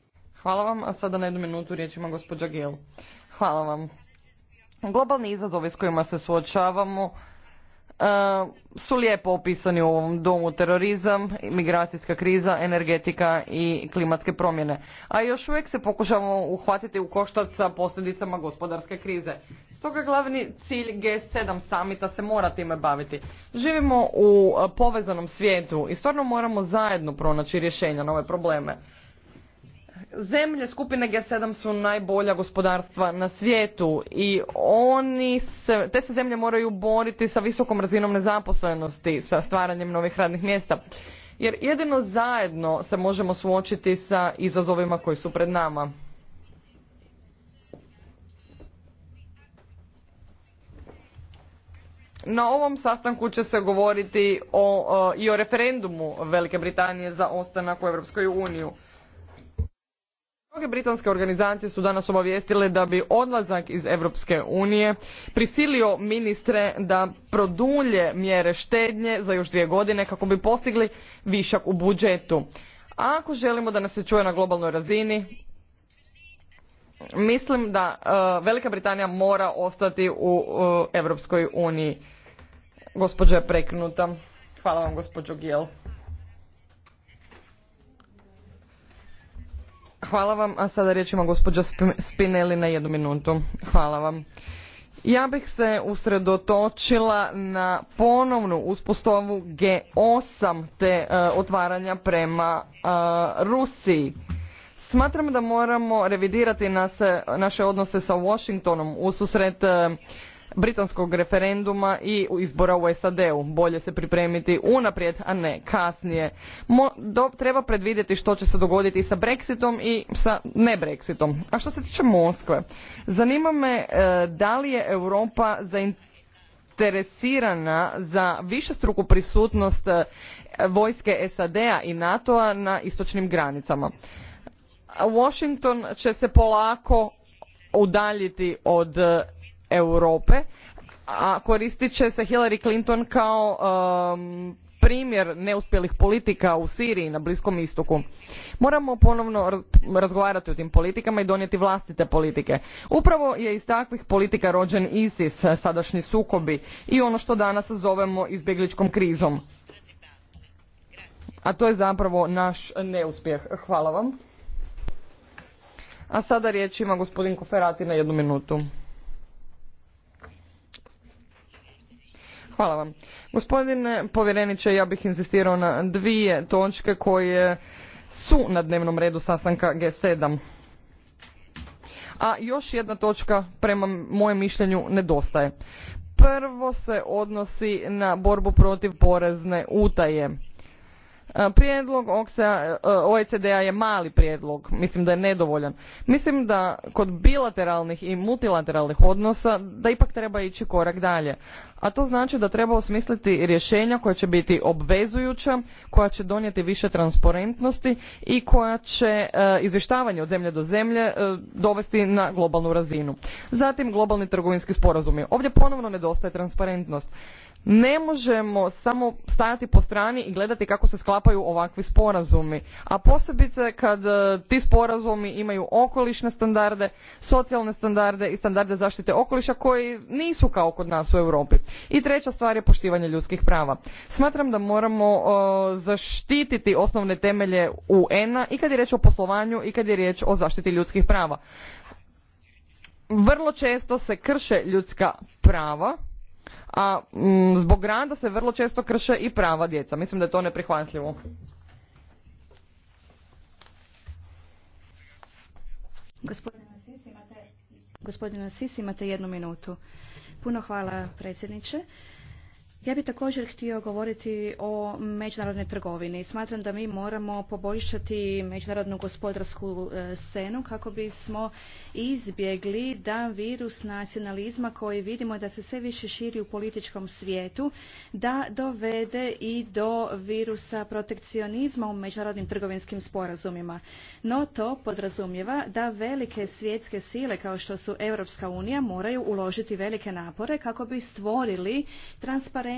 Hvala vam, a sada na jednu minutu riječ ima gospođa Gil. Hvala vam. Globalni izazovi s kojima se suočavamo e, su lijepo opisani u ovom domu terorizam, migracijska kriza, energetika i klimatske promjene. A još uvijek se pokušavamo uhvatiti u koštac sa posljedicama gospodarske krize. Stoga glavni cilj G7 samita se mora time baviti. Živimo u povezanom svijetu i stvarno moramo zajedno pronaći rješenja na ove probleme. Zemlje skupine G7 su najbolja gospodarstva na svijetu i oni se, te se zemlje moraju boriti sa visokom razinom nezaposlenosti, sa stvaranjem novih radnih mjesta. Jer jedino zajedno se možemo suočiti sa izazovima koji su pred nama. Na ovom sastanku će se govoriti o, e, i o referendumu Velike Britanije za ostanak u Europskoj Mnoge britanske organizacije su danas obavijestile da bi odlazak iz Europske unije prisilio ministre da produlje mjere štednje za još dvije godine kako bi postigli višak u budžetu. A ako želimo da nas se čuje na globalnoj razini, mislim da e, Velika Britanija mora ostati u Europskoj uniji. Gospođa je preknuta. Hvala vam gospođo Gijel. Hvala vam, a sada riječ ima gospođa Spinelli na jednu minutu. Hvala vam. Ja bih se usredotočila na ponovnu uspostavu G8 te e, otvaranja prema e, Rusiji. Smatram da moramo revidirati naše odnose sa Washingtonom u susret e, britanskog referenduma i izbora u SAD-u. Bolje se pripremiti unaprijed, a ne kasnije. Mo, treba predvidjeti što će se dogoditi sa Brexitom i sa ne Brexitom. A što se tiče Moskve, zanima me e, da li je Europa zainteresirana za višestruku prisutnost e, vojske SAD-a i NATO-a na istočnim granicama. Washington će se polako udaljiti od e, Europe, a koristit će se Hillary Clinton kao um, primjer neuspjelih politika u Siriji na Bliskom istoku. Moramo ponovno razgovarati o tim politikama i donijeti vlastite politike. Upravo je iz takvih politika rođen ISIS, sadašnji sukobi i ono što danas zovemo izbjegličkom krizom. A to je zapravo naš neuspjeh. Hvala vam. A sada riječ ima gospodin Koferati na jednu minutu. Hvala vam. Gospodine povjereniče, ja bih insistirao na dvije točke koje su na dnevnom redu sastanka G7. A još jedna točka prema mojem mišljenju nedostaje. Prvo se odnosi na borbu protiv porezne utaje E, prijedlog e, OECD-a je mali prijedlog, mislim da je nedovoljan. Mislim da kod bilateralnih i multilateralnih odnosa da ipak treba ići korak dalje. A to znači da treba osmisliti rješenja koja će biti obvezujuća, koja će donijeti više transparentnosti i koja će e, izvještavanje od zemlje do zemlje dovesti na globalnu razinu. Zatim globalni trgovinski sporazumi. Ovdje ponovno nedostaje transparentnost ne možemo samo stajati po strani i gledati kako se sklapaju ovakvi sporazumi a posebice kad e, ti sporazumi imaju okolišne standarde socijalne standarde i standarde zaštite okoliša koji nisu kao kod nas u europi i treća stvar je poštivanje ljudskih prava smatram da moramo e, zaštititi osnovne temelje un-a i kad je riječ o poslovanju i kad je riječ o zaštiti ljudskih prava vrlo često se krše ljudska prava a mm, zbog granda se vrlo često krše i prava djeca. Mislim da je to neprihvatljivo. Gospodine Sis, imate jednu minutu. Puno hvala predsjedniče. Ja bih također htio govoriti o međunarodnoj trgovini. Smatram da mi moramo poboljšati međunarodnu gospodarsku e, scenu kako bismo izbjegli da virus nacionalizma koji vidimo da se sve više širi u političkom svijetu, da dovede i do virusa protekcionizma u međunarodnim trgovinskim sporazumima. No to podrazumijeva da velike svjetske sile kao što su Europska unija moraju uložiti velike napore kako bi stvorili transparentnost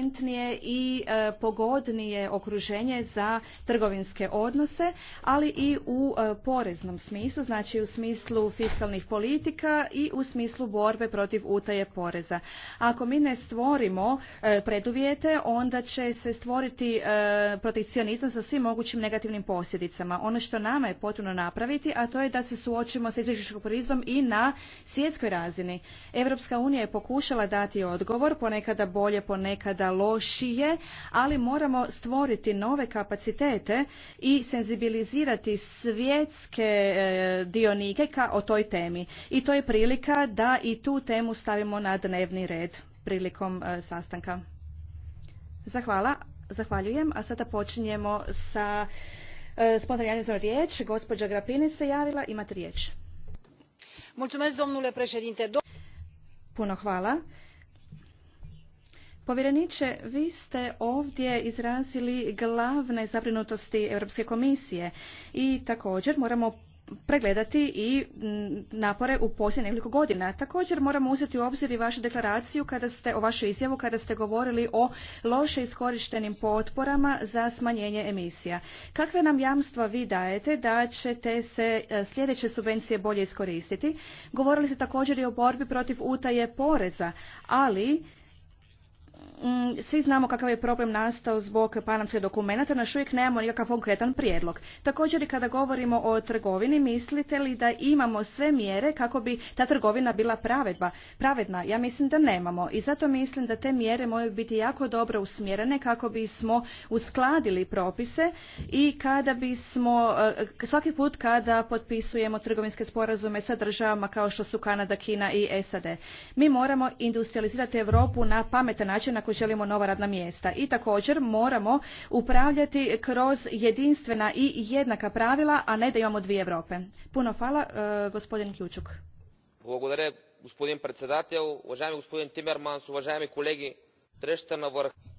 i e, pogodnije okruženje za trgovinske odnose, ali i u e, poreznom smislu, znači u smislu fiskalnih politika i u smislu borbe protiv utaje poreza. Ako mi ne stvorimo e, preduvjete, onda će se stvoriti protekcionizam sa svim mogućim negativnim posljedicama. Ono što nama je potrebno napraviti, a to je da se suočimo sa izvješćom krizom i na svjetskoj razini. Evropska unija je pokušala dati odgovor, ponekada bolje, ponekada sada lošije, ali moramo stvoriti nove kapacitete i senzibilizirati svjetske e, dionike ka o toj temi. I to je prilika da i tu temu stavimo na dnevni red prilikom e, sastanka. Zahvala, zahvaljujem, a sada počinjemo sa e, spontanim za riječ. Gospođa Grapini se javila, imate riječ. Mulțumesc, domnule președinte. Puno hvala. Povjereniče, vi ste ovdje izrazili glavne zabrinutosti Europske komisije i također moramo pregledati i mm, napore u posljednjih nekoliko godina. Također moramo uzeti u obzir i vašu deklaraciju kada ste, o vašu izjavu kada ste govorili o loše iskorištenim potporama za smanjenje emisija. Kakve nam jamstva vi dajete da ćete se e, sljedeće subvencije bolje iskoristiti? Govorili ste također i o borbi protiv utaje poreza, ali Mm, svi znamo kakav je problem nastao zbog panamskih dokumenata, naš uvijek nemamo nikakav konkretan prijedlog. Također i kada govorimo o trgovini, mislite li da imamo sve mjere kako bi ta trgovina bila pravedba, pravedna? Ja mislim da nemamo i zato mislim da te mjere moju biti jako dobro usmjerene kako bismo uskladili propise i kada bismo e, svaki put kada potpisujemo trgovinske sporazume sa državama kao što su Kanada, Kina i SAD. Mi moramo industrializirati Europu na pametan način ako želimo nova radna mjesta. I također moramo upravljati kroz jedinstvena i jednaka pravila, a ne da imamo dvije Europe. Puno hvala, e, gospodin Ključuk. Благодаря, господин председател, уважаеми господин Тимерманс, уважаеми колеги.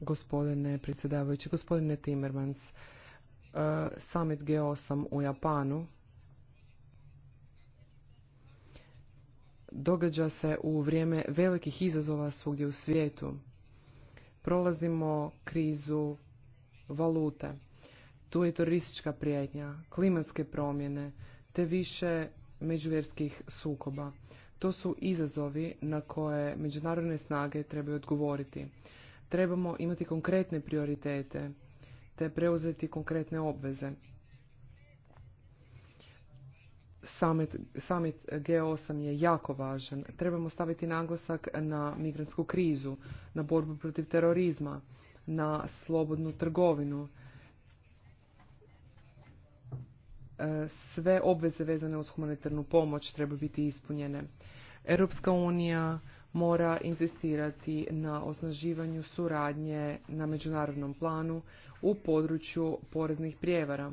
Gospodine predsjedavajući, gospodine Timmermans, summit G8 u Japanu događa se u vrijeme velikih izazova svugdje u svijetu prolazimo krizu valute. Tu je turistička prijetnja, klimatske promjene, te više međuvjerskih sukoba. To su izazovi na koje međunarodne snage trebaju odgovoriti. Trebamo imati konkretne prioritete, te preuzeti konkretne obveze. Summit, summit G8 je jako važan. Trebamo staviti naglasak na migrantsku krizu, na borbu protiv terorizma, na slobodnu trgovinu. E, sve obveze vezane uz humanitarnu pomoć treba biti ispunjene. Europska unija mora inzistirati na osnaživanju suradnje na međunarodnom planu u području poreznih prijevara.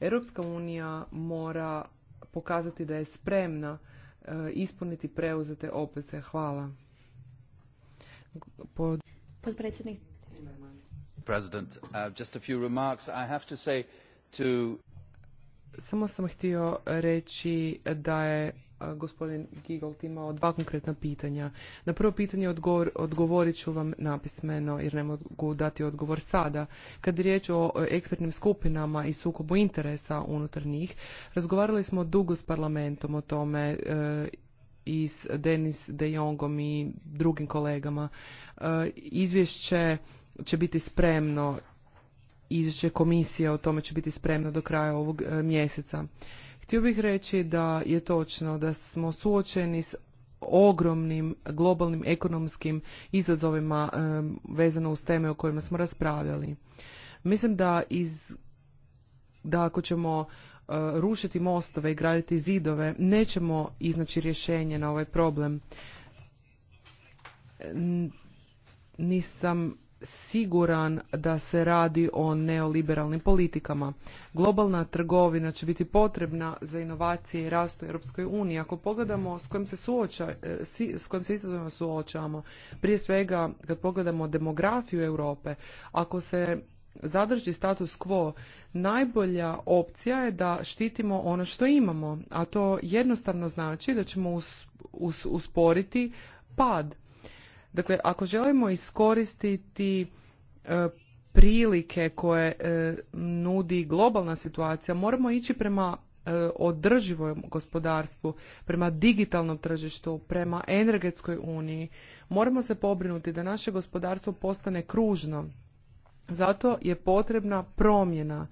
Europska unija mora pokazati da je spremna e, ispuniti preuzete obveze. Hvala. Podpredsjednik. President, uh, just a few remarks. I have to say to... Samo sam htio reći da je gospodin Gigolt imao dva konkretna pitanja. Na prvo pitanje odgovorit ću vam napismeno jer ne mogu dati odgovor sada. Kad je riječ o ekspertnim skupinama i sukobu interesa unutar njih, razgovarali smo dugo s parlamentom o tome e, i s Denis de Jongom i drugim kolegama. E, izvješće će biti spremno izvješće komisije o tome će biti spremno do kraja ovog e, mjeseca. Htio bih reći da je točno da smo suočeni s ogromnim globalnim ekonomskim izazovima vezano uz teme o kojima smo raspravljali. Mislim da iz da ako ćemo e, rušiti mostove i graditi zidove, nećemo iznaći rješenje na ovaj problem. Nisam siguran da se radi o neoliberalnim politikama. Globalna trgovina će biti potrebna za inovacije i rast u Europskoj uniji. Ako pogledamo s kojim se suoča, e, s kojim se suočavamo, prije svega kad pogledamo demografiju Europe, ako se zadrži status quo, najbolja opcija je da štitimo ono što imamo, a to jednostavno znači da ćemo usporiti pad Dakle, ako želimo iskoristiti e, prilike koje e, nudi globalna situacija, moramo ići prema e, održivom gospodarstvu, prema digitalnom tržištu, prema energetskoj uniji. Moramo se pobrinuti da naše gospodarstvo postane kružno. Zato je potrebna promjena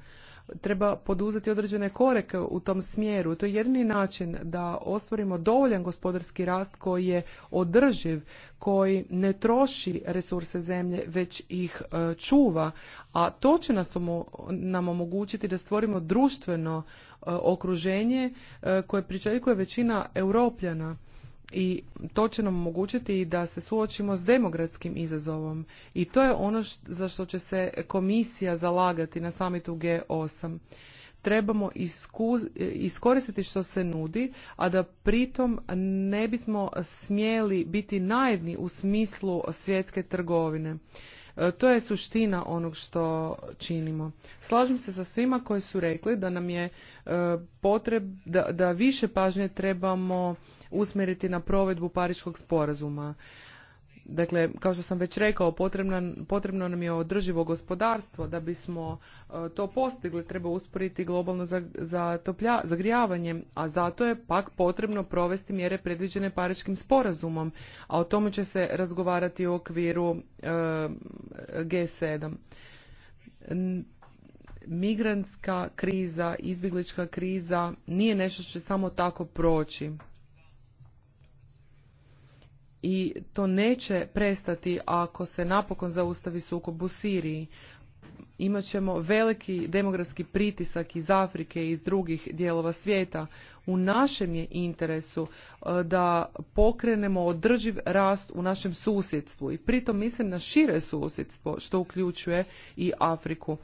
treba poduzeti određene koreke u tom smjeru. To je jedini način da ostvarimo dovoljan gospodarski rast koji je održiv, koji ne troši resurse zemlje, već ih e, čuva, a to će nam omogućiti da stvorimo društveno e, okruženje e, koje pričeljkuje većina europljana i to će nam omogućiti da se suočimo s demografskim izazovom i to je ono za što će se komisija zalagati na samitu G8. Trebamo iskoristiti što se nudi, a da pritom ne bismo smjeli biti najedni u smislu svjetske trgovine. E, to je suština onog što činimo. Slažem se sa svima koji su rekli da nam je e, potreb da, da više pažnje trebamo usmjeriti na provedbu Pariškog sporazuma. Dakle, kao što sam već rekao, potrebno, nam je održivo gospodarstvo. Da bismo e, to postigli, treba usporiti globalno zagrijavanje, a zato je pak potrebno provesti mjere predviđene Pariškim sporazumom, a o tome će se razgovarati u okviru e, G7. Migrantska kriza, izbjeglička kriza nije nešto što će samo tako proći i to neće prestati ako se napokon zaustavi sukob u Siriji. Imaćemo veliki demografski pritisak iz Afrike i iz drugih dijelova svijeta. U našem je interesu e, da pokrenemo održiv rast u našem susjedstvu i pritom mislim na šire susjedstvo što uključuje i Afriku.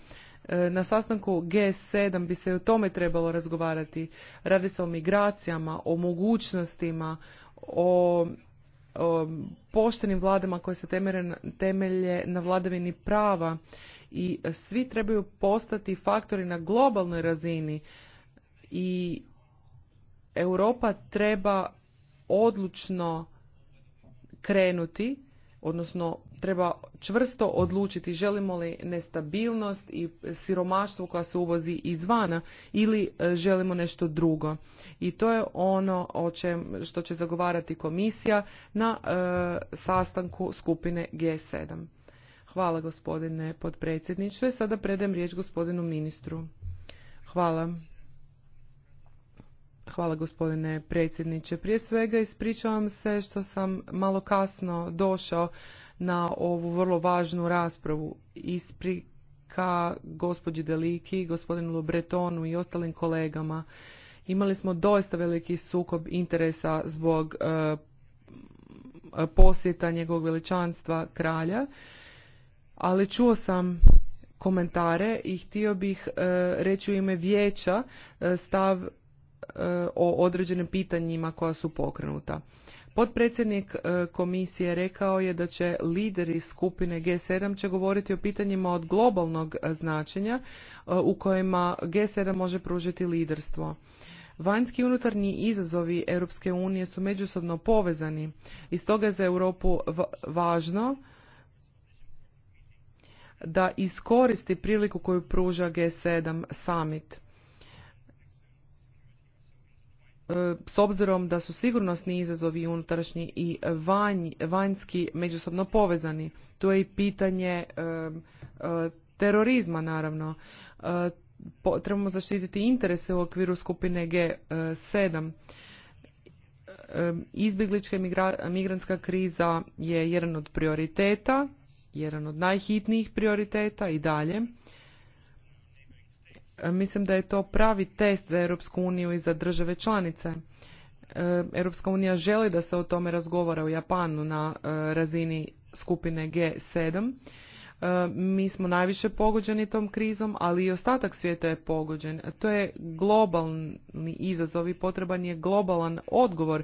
E, na sastanku G7 bi se o tome trebalo razgovarati. Radi se o migracijama, o mogućnostima, o poštenim vladama koje se temelje na vladavini prava i svi trebaju postati faktori na globalnoj razini i Europa treba odlučno krenuti odnosno treba čvrsto odlučiti želimo li nestabilnost i siromaštvo koja se uvozi izvana ili e, želimo nešto drugo. I to je ono o čem, što će zagovarati komisija na e, sastanku skupine G7. Hvala gospodine potpredsjedniče. Sada predajem riječ gospodinu ministru. Hvala. Hvala gospodine predsjedniče. Prije svega ispričavam se što sam malo kasno došao na ovu vrlo važnu raspravu. Isprika gospođi Deliki, gospodinu Lobretonu i ostalim kolegama. Imali smo doista veliki sukob interesa zbog e, posjeta njegovog veličanstva kralja, ali čuo sam komentare i htio bih e, reći u ime vijeća e, stav E, o određenim pitanjima koja su pokrenuta. Potpredsjednik e, komisije rekao je da će lideri skupine G7 će govoriti o pitanjima od globalnog značenja e, u kojima G7 može pružiti liderstvo. Vanjski i unutarnji izazovi Europske unije su međusobno povezani i stoga je za Europu važno da iskoristi priliku koju pruža G7 summit E, s obzirom da su sigurnosni izazovi i unutrašnji i vanjski međusobno povezani. To je i pitanje e, e, terorizma, naravno. trebamo zaštititi interese u okviru skupine G7. Izbjeglička migra, migrantska kriza je jedan od prioriteta, jedan od najhitnijih prioriteta i dalje. E, mislim da je to pravi test za Europsku uniju i za države članice. E, Europska unija želi da se o tome razgovara u Japanu na e, razini skupine G7. Mi smo najviše pogođeni tom krizom, ali i ostatak svijeta je pogođen. To je globalni izazov i potreban je globalan odgovor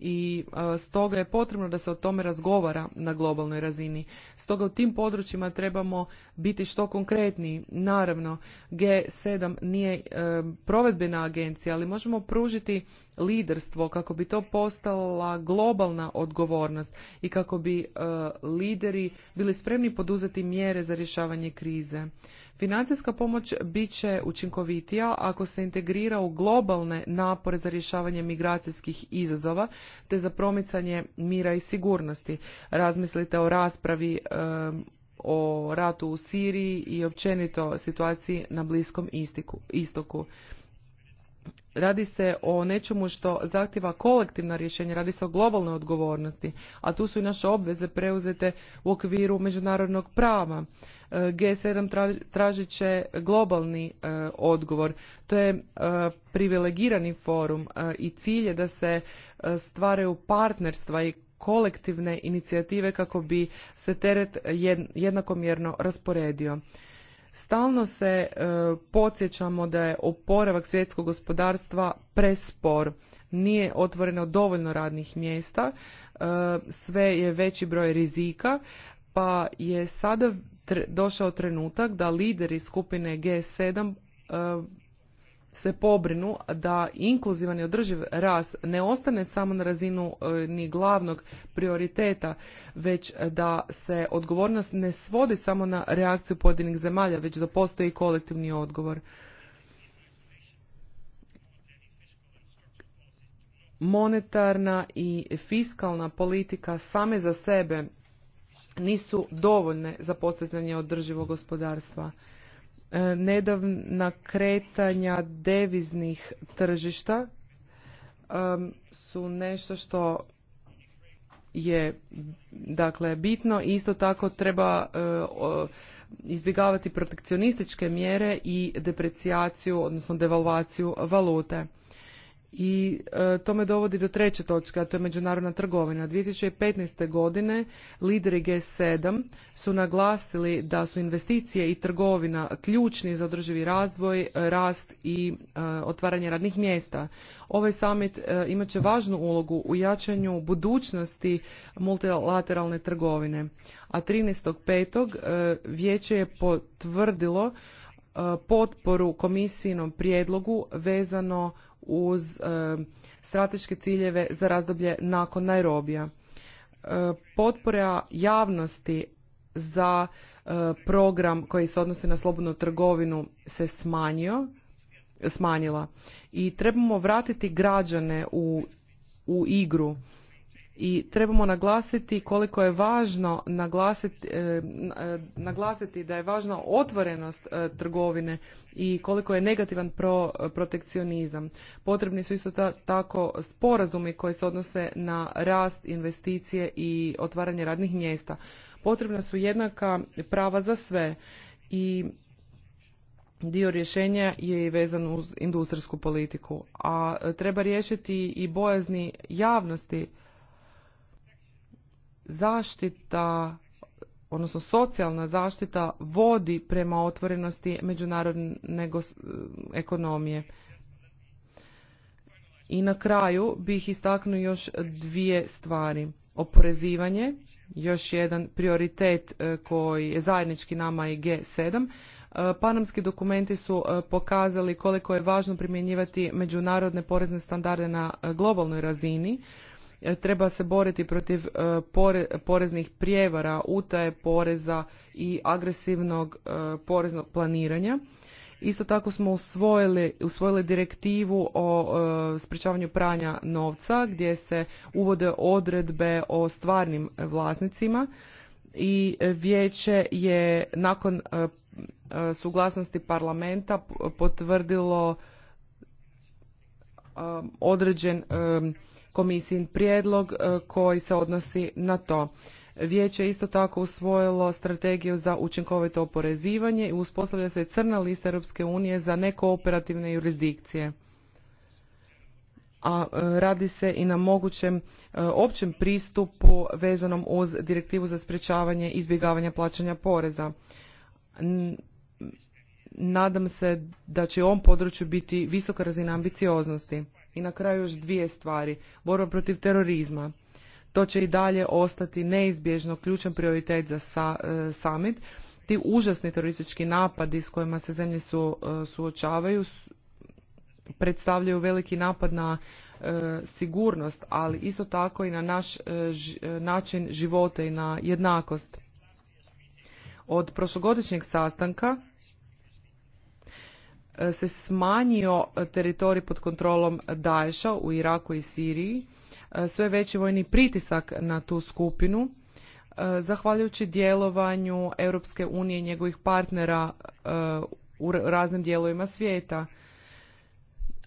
i e, stoga je potrebno da se o tome razgovara na globalnoj razini. Stoga u tim područjima trebamo biti što konkretniji. Naravno, G7 nije e, provedbena agencija, ali možemo pružiti liderstvo kako bi to postala globalna odgovornost i kako bi e, lideri bili spremni poduzeti mjere za rješavanje krize. Financijska pomoć bit će učinkovitija ako se integrira u globalne napore za rješavanje migracijskih izazova te za promicanje mira i sigurnosti. Razmislite o raspravi o ratu u Siriji i općenito situaciji na Bliskom istiku, istoku. Radi se o nečemu što zahtjeva kolektivna rješenja, radi se o globalnoj odgovornosti, a tu su i naše obveze preuzete u okviru međunarodnog prava. E, G7 tražit će globalni e, odgovor. To je e, privilegirani forum i cilj je da se stvaraju partnerstva i kolektivne inicijative kako bi se teret jednakomjerno rasporedio. Stalno se e, podsjećamo da je oporavak svjetskog gospodarstva prespor. Nije otvoreno dovoljno radnih mjesta, e, sve je veći broj rizika, pa je sada došao trenutak da lideri skupine G7 se pobrinu da inkluzivan i održiv rast ne ostane samo na razinu e, ni glavnog prioriteta, već da se odgovornost ne svodi samo na reakciju pojedinih zemalja, već da postoji kolektivni odgovor. monetarna i fiskalna politika same za sebe nisu dovoljne za postizanje održivog gospodarstva. E, nedavna kretanja deviznih tržišta su nešto što je dakle bitno isto tako treba e, izbjegavati protekcionističke mjere i deprecijaciju odnosno devalvaciju valute i e, to me dovodi do treće točke, a to je međunarodna trgovina. 2015. godine lideri G7 su naglasili da su investicije i trgovina ključni za održivi razvoj, e, rast i e, otvaranje radnih mjesta. Ovaj summit e, imat će važnu ulogu u jačanju budućnosti multilateralne trgovine. A 13.5. vijeće je potvrdilo potporu komisijinom prijedlogu vezano uz e, strateške ciljeve za razdoblje nakon Nairobija. E, potpora javnosti za e, program koji se odnosi na slobodnu trgovinu se smanjio, smanjila i trebamo vratiti građane u, u igru i trebamo naglasiti koliko je važno naglasiti, e, e, naglasiti da je važna otvorenost e, trgovine i koliko je negativan pro, protekcionizam. Potrebni su isto tako sporazumi koji se odnose na rast investicije i otvaranje radnih mjesta. Potrebna su jednaka prava za sve i dio rješenja je i vezan uz industrijsku politiku, a treba riješiti i bojazni javnosti zaštita odnosno socijalna zaštita vodi prema otvorenosti međunarodne ekonomije. I na kraju bih istaknuo još dvije stvari. Oporezivanje, još jedan prioritet e, koji je zajednički nama i G7. E, panamski dokumenti su e, pokazali koliko je važno primjenjivati međunarodne porezne standarde na globalnoj razini E, treba se boriti protiv e, poreznih prijevara, utaje poreza i agresivnog e, poreznog planiranja. Isto tako smo usvojili, usvojili direktivu o e, sprječavanju pranja novca gdje se uvode odredbe o stvarnim vlasnicima i vijeće je nakon suglasnosti parlamenta potvrdilo e, određen komisijin prijedlog e, koji se odnosi na to. Vijeće je isto tako usvojilo strategiju za učinkovito oporezivanje i uspostavlja se crna lista Europske unije za nekooperativne jurisdikcije. A e, radi se i na mogućem e, općem pristupu vezanom uz direktivu za sprječavanje izbjegavanja plaćanja poreza. Nadam se da će u ovom području biti visoka razina ambicioznosti. I na kraju još dvije stvari. Borba protiv terorizma. To će i dalje ostati neizbježno ključan prioritet za sa, e, summit. Ti užasni teroristički napadi s kojima se zemlje su, e, suočavaju predstavljaju veliki napad na e, sigurnost, ali isto tako i na naš način života i na jednakost. Od prošlogodišnjeg sastanka E, se smanjio teritorij pod kontrolom Daesha u Iraku i Siriji, e, sve veći vojni pritisak na tu skupinu, e, zahvaljujući djelovanju Europske unije i njegovih partnera u raznim dijelovima svijeta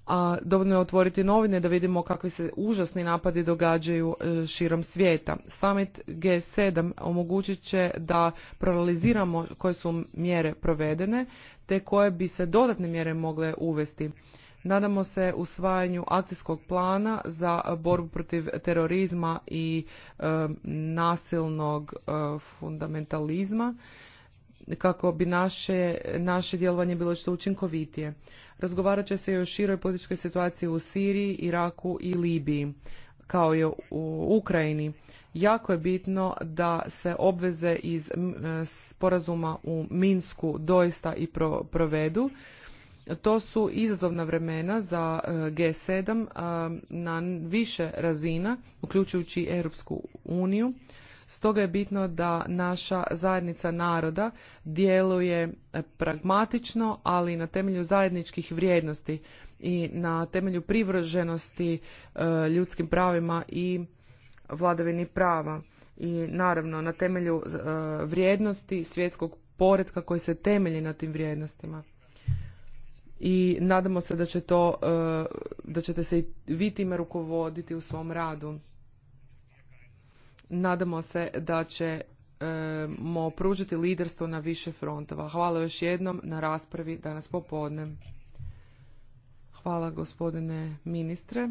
a dovoljno je otvoriti novine da vidimo kakvi se užasni napadi događaju e, širom svijeta. Summit G7 omogućit će da proanaliziramo koje su mjere provedene te koje bi se dodatne mjere mogle uvesti. Nadamo se usvajanju akcijskog plana za borbu protiv terorizma i e, nasilnog e, fundamentalizma kako bi naše, naše djelovanje bilo što učinkovitije. Razgovarat će se i o široj političkoj situaciji u Siriji, Iraku i Libiji, kao i u Ukrajini. Jako je bitno da se obveze iz e, sporazuma u Minsku doista i provedu. To su izazovna vremena za e, G7 na više razina, uključujući Europsku uniju. Stoga je bitno da naša zajednica naroda djeluje e, pragmatično, ali na temelju zajedničkih vrijednosti i na temelju privrženosti e, ljudskim pravima i vladavini prava i naravno na temelju e, vrijednosti svjetskog poretka koji se temelji na tim vrijednostima i nadamo se da će to da ćete se i vi time rukovoditi u svom radu nadamo se da ćemo pružiti liderstvo na više frontova. Hvala još jednom na raspravi danas popodne. Hvala gospodine ministre.